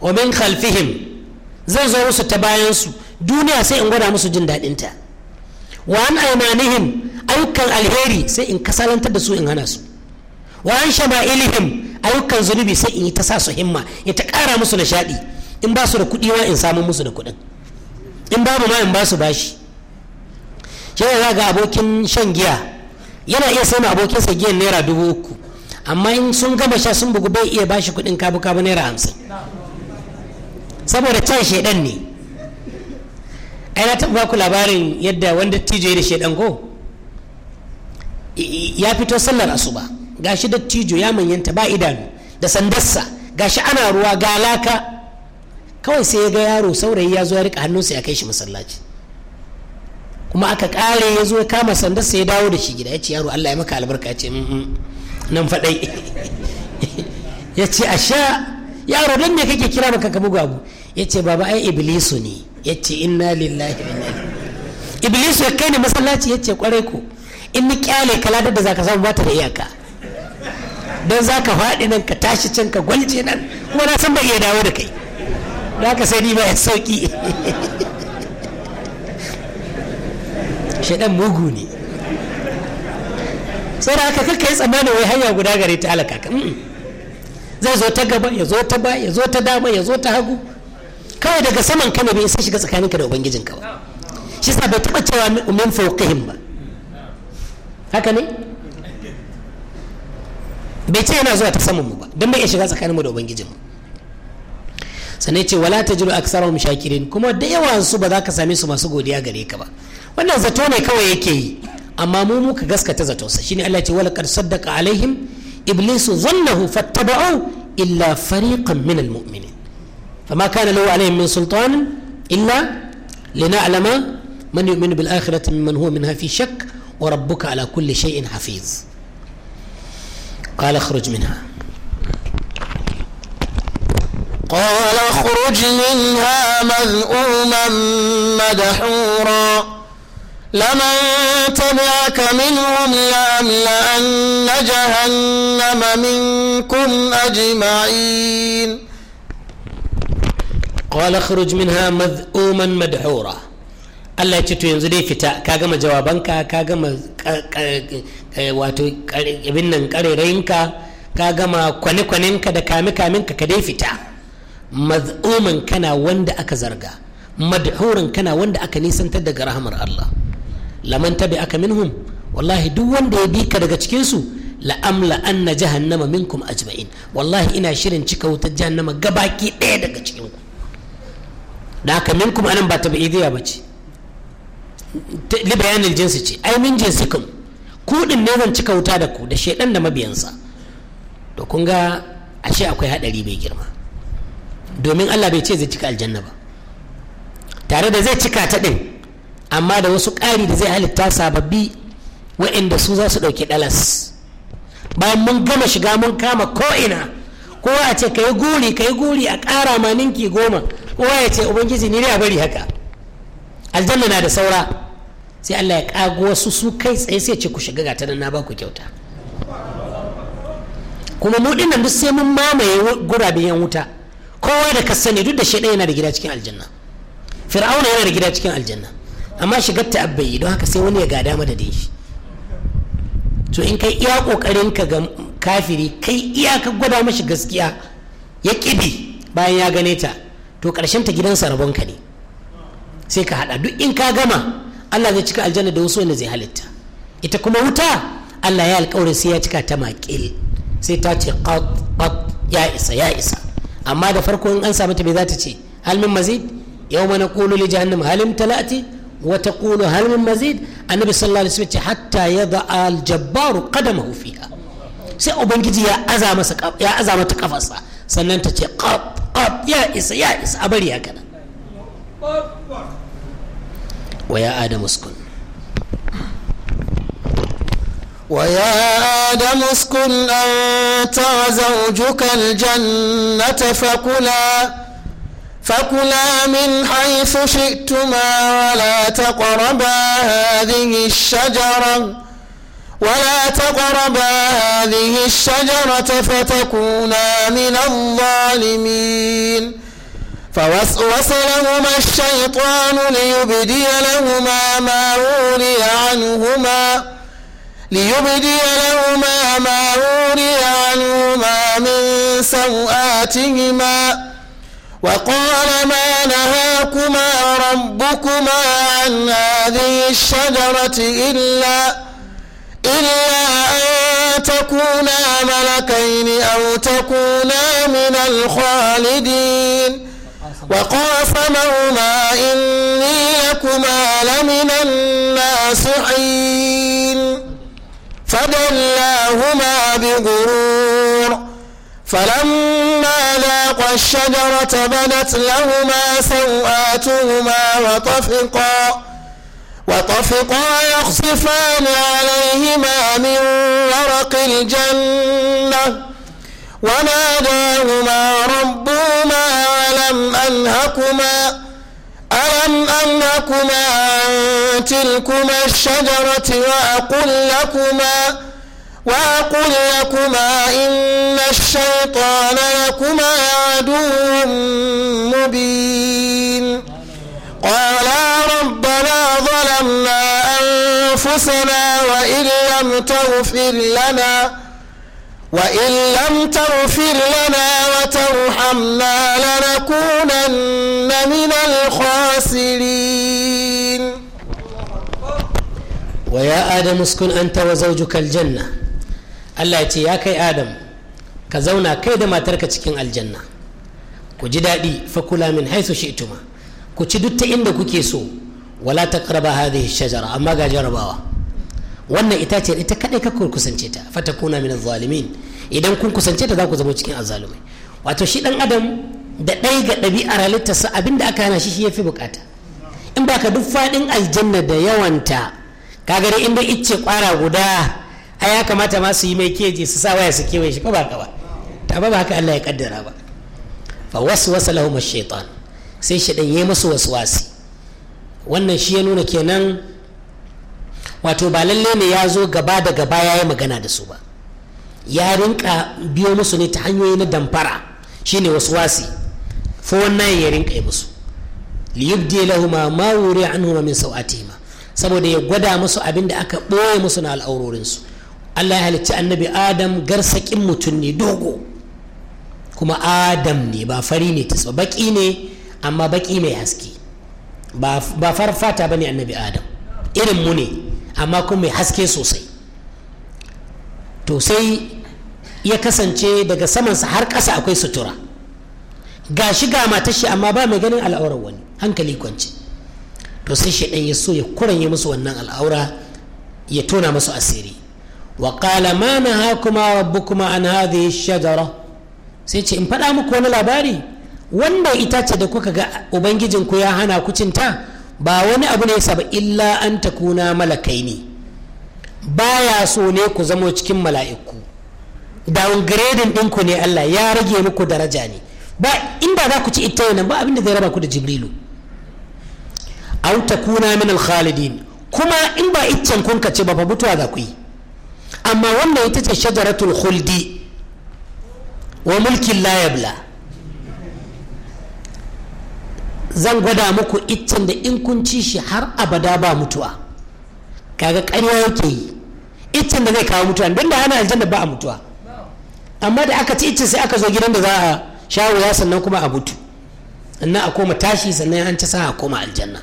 wa min khalfihim zan zo musu ta bayansu. duniya sai in gwada musu jin daɗinta wa an aimanihim ayyukan alheri sai in kasalantar da su in hana su wa an shama'ilihim ayyukan zunubi sai in yi ta sa su himma ya ta ƙara musu nishaɗi in ba su da kuɗi wa in samu musu da kuɗin in babu ma in ba su bashi shi ne ga abokin shan giya yana iya sai sa giyan naira dubu uku amma in sun gama sha sun bugu bai iya bashi kuɗin kabu kabu naira hamsin saboda can shaidan ne ai na taɓa ku labarin yadda wanda tijo da shaidan ko ya fito sallar asuba gashi dattijo ya manyanta ba idanu da sandarsa gashi ana ruwa ga laka kawai sai ya ga yaro saurayi ya zo ya rika hannunsa ya kai shi masallaci kuma aka kare ya zo ya kama sandarsa ya dawo da shi gida ya ce yaro Allah ya maka albarka ya ce nan faɗai ya ce asha yaro don me kake kira maka ka buga abu ya ce baba ai iblisu ne ya ce inna lillahi iblisu ya kai ni masallaci ya ce kwarai ko in ni kyale kala da da zaka samu ba ta da iyaka don za ka faɗi nan ka tashi can ka gwalje nan kuma na san bai iya dawo da kai za ka sai ni ba ya sauki shaɗan mugu ne sai da haka kakka yi tsammanin wai hanya guda gare ta halaka ka zai zo ta gaba ya zo ta ba ya zo ta dama ya zo ta hagu kawai daga saman kana bai isa shiga tsakaninka da ubangijinka ba shi sa bai taɓa cewa min fauqihim ba haka ne bai ce yana zuwa ta saman mu ba don bai iya shiga tsakanin mu da ubangijinmu sannan ce wala ta tajidu aksarahum shakirin kuma da yawan su ba za ka same su masu godiya gare ka ba wannan zato ne kawai yake yi amma mu muka gaskata zato sa shine Allah ce wala qad saddaqa alaihim iblisu zannahu fattaba'u illa fariqan min almu'minin fama kana lahu alaihim min sultan illa lina'lama man yu'minu bil akhirati mimman huwa minha fi wa rabbuka ala kulli shay'in hafiz قال اخرج منها
قال اخرج منها مذءوما مدحورا لمن تبعك منهم لأملأن جهنم منكم أجمعين
قال اخرج منها مذءوما مدحورا Allah ya ce to yanzu dai Eh, wato abin nan ƙarerayinka ka gama kwane-kwanenka da kame-kamenka ka dai fita maz'umin kana wanda aka zarga madhurin kana wanda aka nisantar daga rahamar Allah laman tabi aka minhum wallahi duk wanda ya bi ka daga cikinsu la'amla anna jahannama minkum ajma'in wallahi ina shirin cika wutar jahannama gabaki ɗaya daga cikin ku. da aka minkum anan ba ta ba ce li bayanin jinsi ce ai min kuma Kudin ne zan cika wuta da ku da shaidan da mabiyansa to kun ga ashe akwai haɗari bai girma domin Allah bai ce zai cika aljanna ba tare da zai cika ta ɗin amma da wasu ƙari da zai halitta sababbi wa'inda su za su ɗauki ɗalas bayan mun gama shiga mun kama ko'ina kowa a ce ka yi guri ka yi guri a ƙara ma ninki goma kowa ya ce ubangiji ni ne a bari haka aljanna na da saura sai Allah ya kago wasu su kai tsaye sai ce ku shiga gata nan na ba ku kyauta kuma mu dinnan duk sai mun mamaye gurabe yan wuta kowa da ka sani duk da shaidan yana da gida cikin aljanna fir'auna yana da gida cikin aljanna amma shigar ta abbayi don haka sai wani ya gada madadin shi to in kai iya kokarin ka ga kafiri kai iya ka gwada mashi gaskiya ya kibi bayan ya gane ta to karshen ta gidansa rabon ka ne sai ka hada duk in ka gama Allah zai cika aljanna da wasu wanda zai halitta ita kuma wuta Allah ya alkawari sai ya cika ta makil sai ta ce qat ya isa ya isa amma da farko in an samu ta bai za ta ce hal min mazid mana naqulu li jahannam hal min talati wa taqulu hal min mazid annabi sallallahu alaihi wasallam ce hatta yada al jabbaru qadamahu fiha sai ubangiji ya aza masa ya aza mata kafarsa sannan ta ce qat qat ya isa ya isa a bari ya kana ويا آدم اسكن
ويا آدم اسكن أنت وزوجك الجنة فكلا فكلا من حيث شئتما ولا تقربا هذه الشجرة ولا تقربا هذه الشجرة فتكونا من الظالمين فوسوس الشيطان ليبدي لهما ما وري عنهما ليبدي لهما ما وري عنهما من سوآتهما وقال ما نهاكما ربكما عن هذه الشجرة إلا إلا أن تكونا ملكين أو تكونا من الخالدين وقاسمهما إني لكما لمن الناصحين فدلاهما بغرور فلما ذاقا الشجرة بدت لهما سوآتهما وطفقا وطفقا يخصفان عليهما من ورق الجنة وناداهما ربهما ألم أنهكما ألم أنهكما عن تلكما الشجرة وأقل لكما وأقل لكما إن الشيطان لكما عدو مبين قالا ربنا ظلمنا أنفسنا وإن لم تغفر لنا وإن لم تغفر لنا وترحمنا لنكونن من الخاسرين
ويا آدم اسكن أنت وزوجك الجنة الله يتي يا كي آدم كزونا كيد ما تركت كين الجنة كجدادي فكلا من حيث شئتما كجدت عندك كيسو ولا تقرب هذه الشجرة أما جرباها wannan itaciyar ita kadai ka kusance ta fata kuna min zalimin idan kun kusance ta za ku zama cikin azalumai wato shi dan adam da ɗaya ga ɗabi'ar halittarsa abinda aka hana shi shi ya fi bukata in baka duk faɗin aljanna da yawanta kaga in inda icce kwara guda a ya kamata ma su yi mai keji su sa waya su kewaye shi ko ba ka ba ta ba haka Allah ya kaddara ba fa wasu wasu lahumar shaitan sai shi ya yi masu wasu wannan shi ya nuna kenan wato ba lalle ne ya zo gaba da gaba ya yi magana da su ba ya rinka biyo musu ne ta hanyoyi na damfara shine wasi 419 ya rinka yi musu liyubdi lahuma ma wuri anhuma min sau'atihima saboda ya gwada musu abinda aka ɓoye musu na al'aurorinsu Allah ya halicci annabi Adam garsakin mutum ne dogo kuma Adam ne ba fari ne ta baki ne amma baki mai haske ba farfata ba ne annabi Adam irin mu ne amma kuma mai haske sosai to sai ya kasance daga samansa har kasa akwai sutura ga shi ga matar shi amma ba mai ganin al'aurar wani hankali kwance to sai ɗan ya so ya kuranye musu wannan al'aura ya tona musu asiri wa qala ma nahakuma rabbukuma an hadhihi shajara sai ce in faɗa muku wani labari wanda itace da kuka ga ubangijinku ya hana kucinta ba wani abu ne saba illa an takuna malakai ne baya so ne ku zamo cikin mala'iku downgrading ɗinku ne Allah ya rage muku daraja ne ba inda za ku ci ita nan ba abinda zai raba ku da jibrilu aw takuna min al-khalidin kuma in ba iccen kun ka ce ba mutuwa za ku yi amma wannan ita ce shajaratul khuldi wa mulkin la yabla zan gwada muku iccen da in kun ci shi har abada ba mutuwa kaga ƙarya yake yi iccen da zai kawo mutuwa don da hana aljanna ba a mutuwa amma da aka ci iccen sai aka zo gidan da za a sha wuya sannan kuma a butu sannan a koma tashi sannan an ci sa a koma aljanna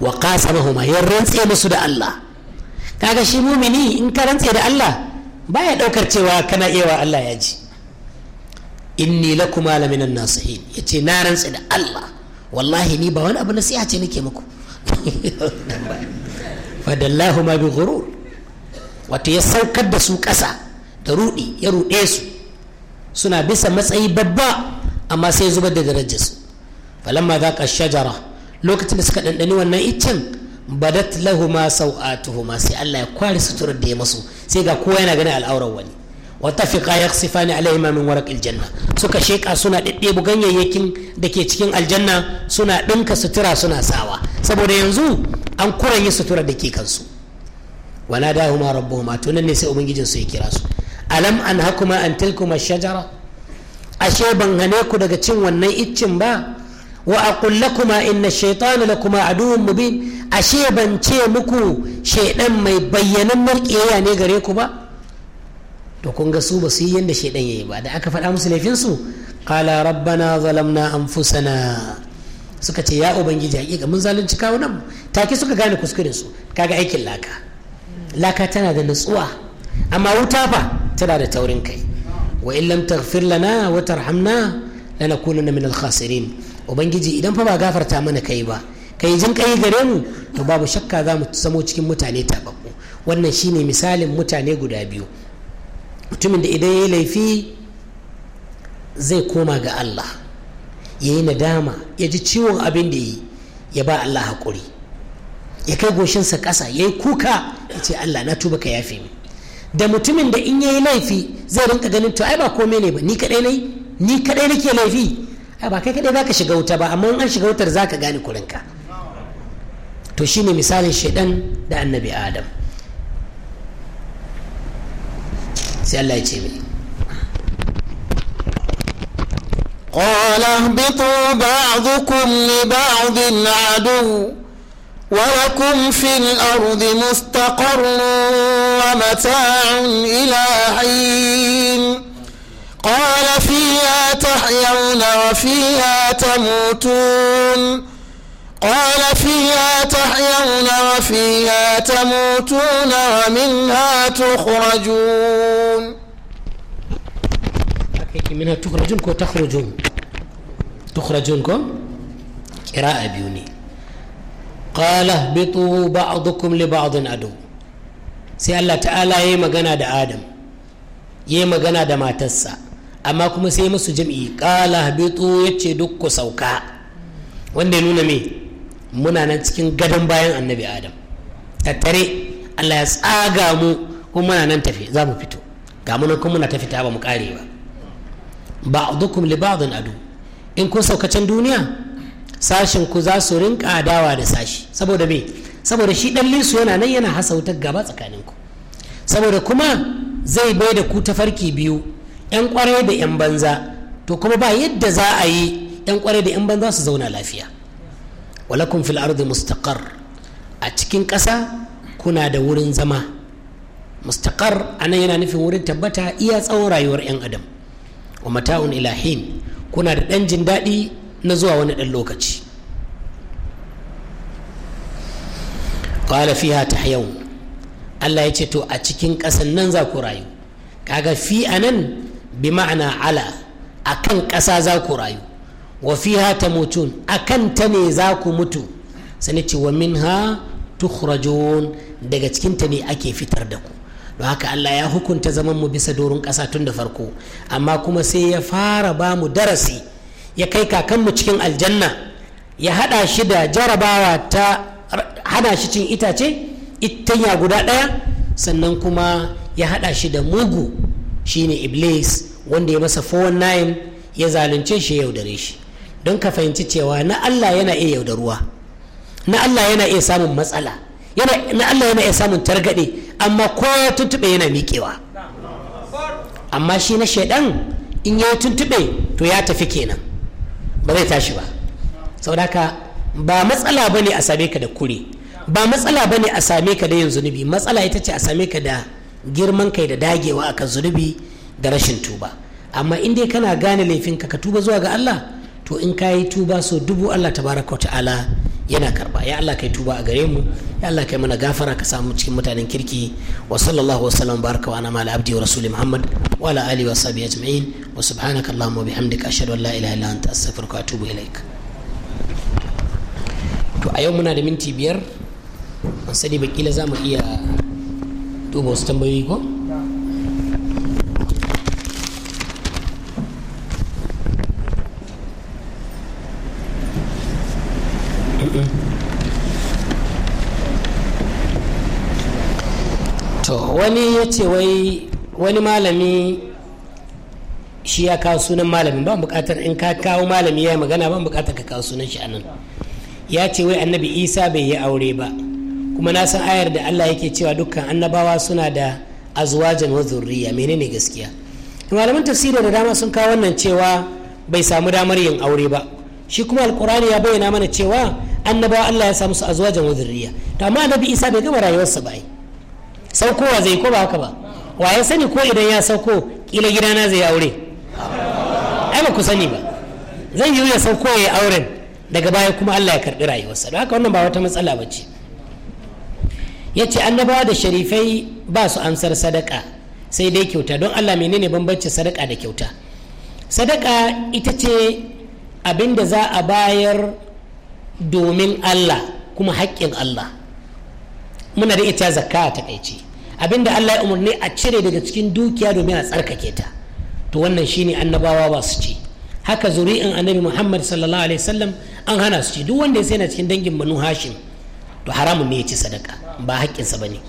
wa qasamahuma ya rantse musu da Allah kaga shi mumini in ka rantse da Allah baya daukar cewa kana iya wa Allah ya ji inni lakuma minan nasihin yace na rantse da Allah wallahi ni ba wani abu na nasiha ce nake muku fadallahu ma bi ghurur wato ya saukar da su ƙasa da rudi ya ruɗe su suna bisa matsayi babba amma sai zubar da darajar su falamma zaqa shajara lokacin da suka dandani wannan iccen badat lahuma sau'atuhuma sai Allah ya kware suturar da ya masu sai ga kowa yana ganin al'aurar wani wa tafiqa yaksifani alaihima min waraqil aljanna suka sheka suna ɗeɗɗebu ganyayyakin da ke cikin aljanna suna ɗinka sutura suna sawa saboda yanzu an yi suturar da ke kansu wana da huma rabbuhuma to nan ne sai ubangijin su ya kira su alam an hakuma an tilkuma shajara ashe ban hane ku daga cin wannan iccin ba wa aqul lakuma inna shaytana lakuma aduwwun mubin ashe ban ce muku shaiɗan mai bayyanan marƙiyayya ne gare ku ba to kun ga su ba su yi shaiɗan ya yayi ba da aka faɗa musu laifinsu qala rabbana zalamna anfusana suka ce ya ubangiji hakika mun zalunci nan take suka gane kuskuren su kaga aikin laka laka tana da nutsuwa amma wuta fa tana da taurin kai wa in lam taghfir lana wa tarhamna lanakunanna min al-khasirin ubangiji idan fa ba gafarta mana kai ba kai jin kai gare mu to babu shakka za mu samo cikin mutane tababbu wannan shine misalin mutane guda biyu mutumin da idan ya laifi zai koma ga Allah ya yi nadama ya ji ciwon abin da ya yi ya ba Allah haƙuri ya kai goshinsa ƙasa ya yi kuka ya ce Allah na tuba ka yafe min da mutumin da in ya yi laifi zai rinka ganin to ai ba komai ne ba ni kaɗai ne ni kaɗai nake laifi ai ba kai kaɗai za ka shiga wuta ba amma in an shiga wutar za ka gane kurinka to shine misalin shaidan da annabi adam sai Allah ya ce mai قال
اهبطوا بعضكم لبعض عدو ولكم في الأرض مستقر ومتاع إلى حين قال فيها تحيون وفيها تموتون قال فيها تحيون وفيها تموتون ومنها تخرجون minha
tukhrajun ko takhrujun tukhrajun ko ne qala bitu ba'dukum li ba'din adu sai Allah magana da matarsa amma kuma sai musu jam'i qala bitu yace duk sauka wanda ya nuna me muna cikin gadon bayan annabi adam tattare allah ya tsaga fito ga muna ta fita ba mu ba ba'dukum li ba'din adu in kun saukacin duniya sashen ku za su rinka dawa da sashi saboda me saboda shi dan linsu yana nan yana hasauta gaba tsakanin ku saboda kuma zai bai da ku tafarki biyu yan kwarai da yan banza to kuma ba yadda za a yi yan kwarai da yan banza su zauna lafiya walakum fil ardi mustaqar a cikin ƙasa kuna da wurin zama mustaqar anan yana nufin wurin tabbata iya tsawon rayuwar yan adam wa mata'un ilahin kuna da ɗan jin daɗi na zuwa wani ɗan lokaci qala fiha yau Allah ya ce to a cikin ƙasan nan za ku rayu kaga fi nan bi ma'ana ala akan ƙasa za ku rayu wa fiha tamutun akan ta ne za ku mutu sani ce wa minha tukhrajun daga cikinta ne ake fitar da ku don haka Allah ya hukunta zaman mu bisa dorin ƙasa tun da farko amma kuma sai ya fara ba mu darasi ya kai kakanmu cikin aljanna ya hada shi da jarabawa ta hada shi cin itace itanya guda ɗaya sannan kuma ya hada shi da mugu shine iblis wanda ya masa 419 ya zalunce shi ya yaudare shi don ka fahimci cewa na Allah yana iya yaudaruwa na Allah yana iya samun matsala na Allah yana iya samun targaɗe amma kowa ya tuntuɓe yana miƙewa amma shi na shaidan in ya tuntuɓe to ya tafi kenan ba zai tashi ba saudaka ba matsala ba ne a same ka da kure ba matsala ba ne a same ka da yin zunubi matsala ita ce a same ka da girman kai da dagewa akan zunubi da rashin tuba amma in dai kana gane laifinka ka tuba zuwa ga Allah to in ka yi tuba so dubu Allah tabaraka wa ta'ala yana karba ya Allah kai tuba a gare mu ya Allah kai mana gafara ka samu cikin mutanen kirki wa sallallahu wa sallam baraka wa anama abdi wa rasuli muhammad wa ala alihi wa sahbihi ajma'in wa subhanaka allahumma wa bihamdika ashhadu an la ilaha illa anta astaghfiruka wa atubu ilaik to a yau muna da minti biyar an sani ba za mu iya duba wasu tambayoyi ko wani ya ce wai wani malami shi ya kawo sunan malamin ba bukatar in ka kawo malami ya magana ba bukatar ka kawo sunan shi anan ya ce wai annabi isa bai yi aure ba kuma na san ayar da allah yake cewa dukkan annabawa suna da azwajan wa zurriya menene gaskiya malaman tafsiri da dama sun kawo wannan cewa bai samu damar yin aure ba shi kuma alkurani ya bayyana mana cewa annabawa allah ya samu su azwajan wa zurriya to amma annabi isa bai gama rayuwarsa ba saukowa zai ko ba haka ba wa ya sani ko idan ya sauko kila gidana zai aure ai ba ku sani ba zan yi ya sauko ya auren daga baya kuma Allah ya karbi rayuwarsa don haka wannan ba wata matsala ba ce ya ce annabawa da sharifai ba su amsar sadaka sai dai kyauta don Allah menene bambanci sadaka da kyauta sadaka ita ce abin da za a bayar domin Allah kuma haƙƙin Allah muna da ita zakka a takaice Abin da Allah ya umarni a cire daga cikin dukiya domin a tsarkake ta to wannan shine annabawa ba su ci haka zuri'in annabi Muhammad sallallahu alaihi wasallam an hana su ci duk wanda ya na cikin dangin Banu Hashim to haramun ne ya ci sadaka ba sa bane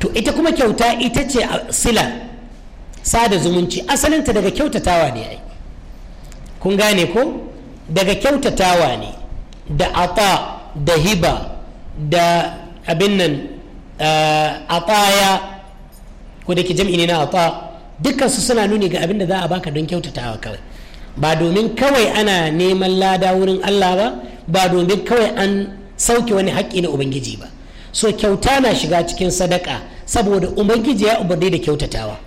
to ita kuma kyauta ita ce sila sada zumunci asalin ta daga kyautatawa ne ai kun gane ko daga kyautatawa ne da ata da hiba da abin nan Eh, ataya ko da ke jam'i ne na ata dukkan su suna nuni ga abin da za a baka don kyautatawa kawai ba domin kawai ana neman lada wurin Allah ba ba domin kawai an sauke wani haƙƙi na ubangiji ba so kyauta na shiga cikin sadaka saboda ubangiji ya umarni da kyautatawa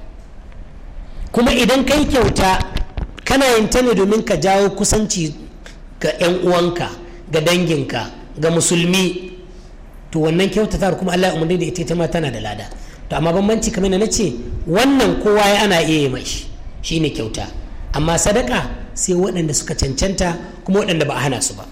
kuma idan kai kyauta kana yin ta ne domin ka jawo kusanci ga 'yan uwanka ga danginka ga musulmi to wannan kyautatawar kuma Allah umarni da ita ma tana da lada to amma bambanci kamar na ce wannan kowa ya ana iya yi shi shine kyauta amma sadaka sai waɗanda suka cancanta kuma waɗanda ba a hana su ba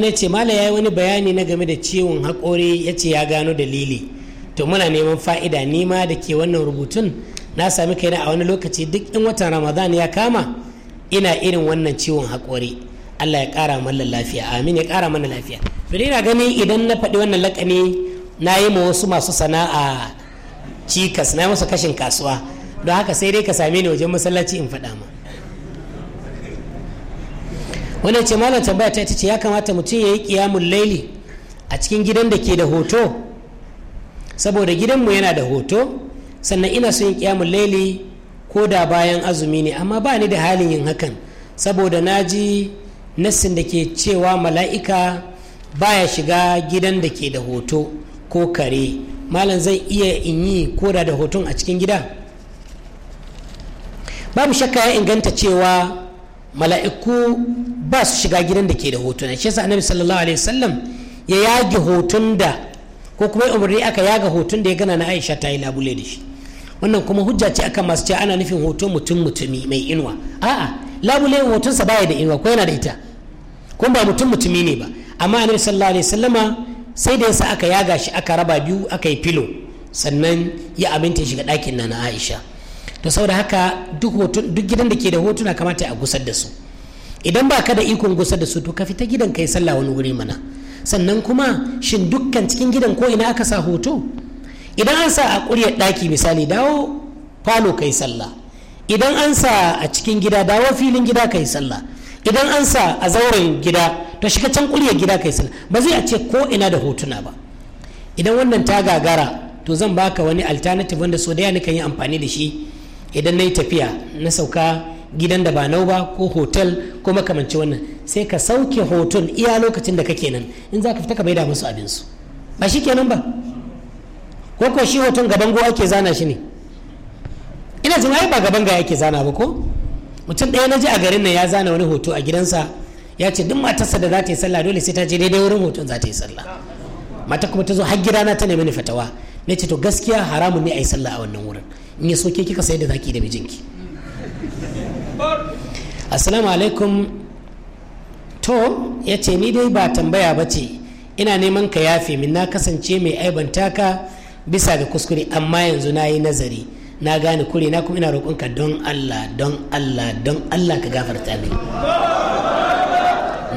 wani ce mala ya yi wani bayani na game da ciwon haƙori ya ce ya gano dalili to muna neman fa'ida nima da ke wannan rubutun na sami kaina a wani lokaci duk in watan ramadan ya kama ina irin wannan ciwon haƙori allah ya ƙara mana lafiya amin ya ƙara mana lafiya to na gani idan na faɗi wannan laƙani na yi ma wasu masu sana'a cikas na yi musu kashin kasuwa don haka sai dai ka same ni wajen masallaci in faɗa ma wani ce malam tambaya ta ce ya kamata mutum ya yi kiyamun laili a cikin gidan da ke da hoto saboda gidanmu yana da hoto sannan ina son yin kiyamun laili ko da bayan azumi ne amma ba ni da halin yin hakan saboda na ji nassin da ke cewa mala'ika baya shiga gidan da ke da hoto ko kare malam zai iya in yi koda da hoton a cikin gida babu shakka ya inganta cewa mala'iku ba su shiga gidan da ke da hotuna shi yasa annabi sallallahu alaihi wasallam ya yage hotun da ko kuma ya umarni aka yaga hotun da ya gana na Aisha ta yi labule da shi wannan kuma hujja ce akan masu ce ana nufin hoton mutum mutumi mai inuwa a'a labule hotonsa baya da inuwa ko yana da ita kuma ba mutum mutumi ne ba amma annabi sallallahu alaihi wasallama sai da yasa aka yaga shi aka raba biyu aka yi filo sannan ya aminta shiga dakin na na Aisha to saboda haka duk gidan da ke da hotuna kamata a gusar da su idan ba ka da ikon gusar da su to ka fita gidan ka yi sallah wani wuri mana sannan kuma shin dukkan cikin gidan ko ina aka sa hoto idan an sa a ƙuryar daki misali dawo falo ka yi sallah idan an sa a cikin gida dawo filin gida ka yi sallah idan an sa a zauren gida to shiga can kuryar gida ka yi sallah ba zai a ce ko ina da hotuna ba idan wannan ta gagara to zan baka wani alternative wanda so da yana kan yi amfani da shi idan na yi tafiya na sauka gidan da ba nau ba ko hotel ko makamanci wannan sai ka sauke hoton iya lokacin da kake nan in za ka fita ka maida musu abinsu ba shi kenan ba ko ko shi hoton gaban go ake zana shi ne ina jin ai ba gaban ga yake zana ba ko mutum ɗaya na ji a garin nan ya zana wani hoto a gidansa ya ce duk matarsa da za ta yi sallah dole sai ta je daidai wurin hoton za ta yi sallah mata kuma ta zo har gidana ta nemi ni fatawa ne ce to gaskiya haramun ne a yi sallah a wannan wurin in ya soke kika sayar da zaki da mijinki assalamu alaikum to ya ce ni dai ba tambaya ba ce ina neman ka yafe min na kasance mai aibanta ka bisa ga kuskure amma yanzu na yi nazari na gane kure na kuma ina roƙonka don allah don allah don allah ka gafarta min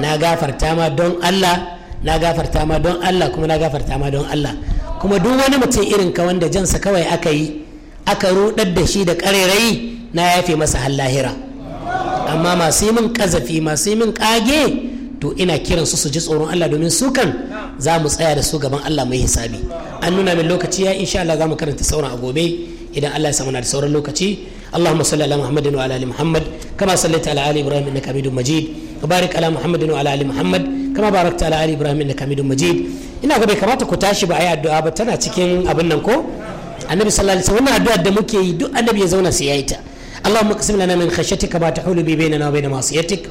na gafarta ma don allah na gafarta ma don allah kuma na gafarta ma don allah kuma duk wani mutum irin ka wanda jansa kawai aka yi aka rudar da shi da karerai na yafe masa hallahira amma masu yi min kazafi masu yi min kage to ina kiran su su ji tsoron Allah domin su kan za mu tsaya da su gaban Allah mai hisabi an nuna min lokaci ya insha Allah za mu karanta sauran a gobe idan Allah ya samu na da sauran lokaci اللهم صل على محمد وعلى ال محمد كما صليت على ال ابراهيم انك حميد مجيد وبارك على محمد وعلى ال محمد كما باركت على ال ابراهيم انك حميد مجيد ina gobe kamata ku tashi ba ayi addu'a ba tana cikin abin nan ko النبي صلى الله عليه وسلم addu'ar da muke yi duk annabi ya zauna اللهم اقسم لنا من خشيتك ما تحول بي بيننا وبين معصيتك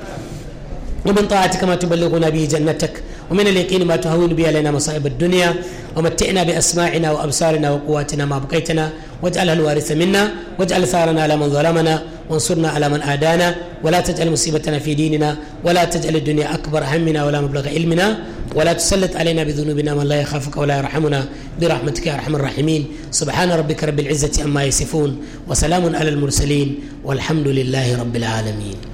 ومن طاعتك ما تبلغنا به جنتك ومن اليقين ما تهون به علينا مصائب الدنيا ومتئنا باسماعنا وابصارنا وقواتنا ما بقيتنا واجعلها الوارث منا واجعل ثارنا على من ظلمنا وانصرنا على من آدانا ولا تجعل مصيبتنا في ديننا ولا تجعل الدنيا اكبر همنا ولا مبلغ علمنا ولا تسلط علينا بذنوبنا من لا يخافك ولا يرحمنا برحمتك يا ارحم الراحمين سبحان ربك رب العزه عما يصفون وسلام على المرسلين والحمد لله رب العالمين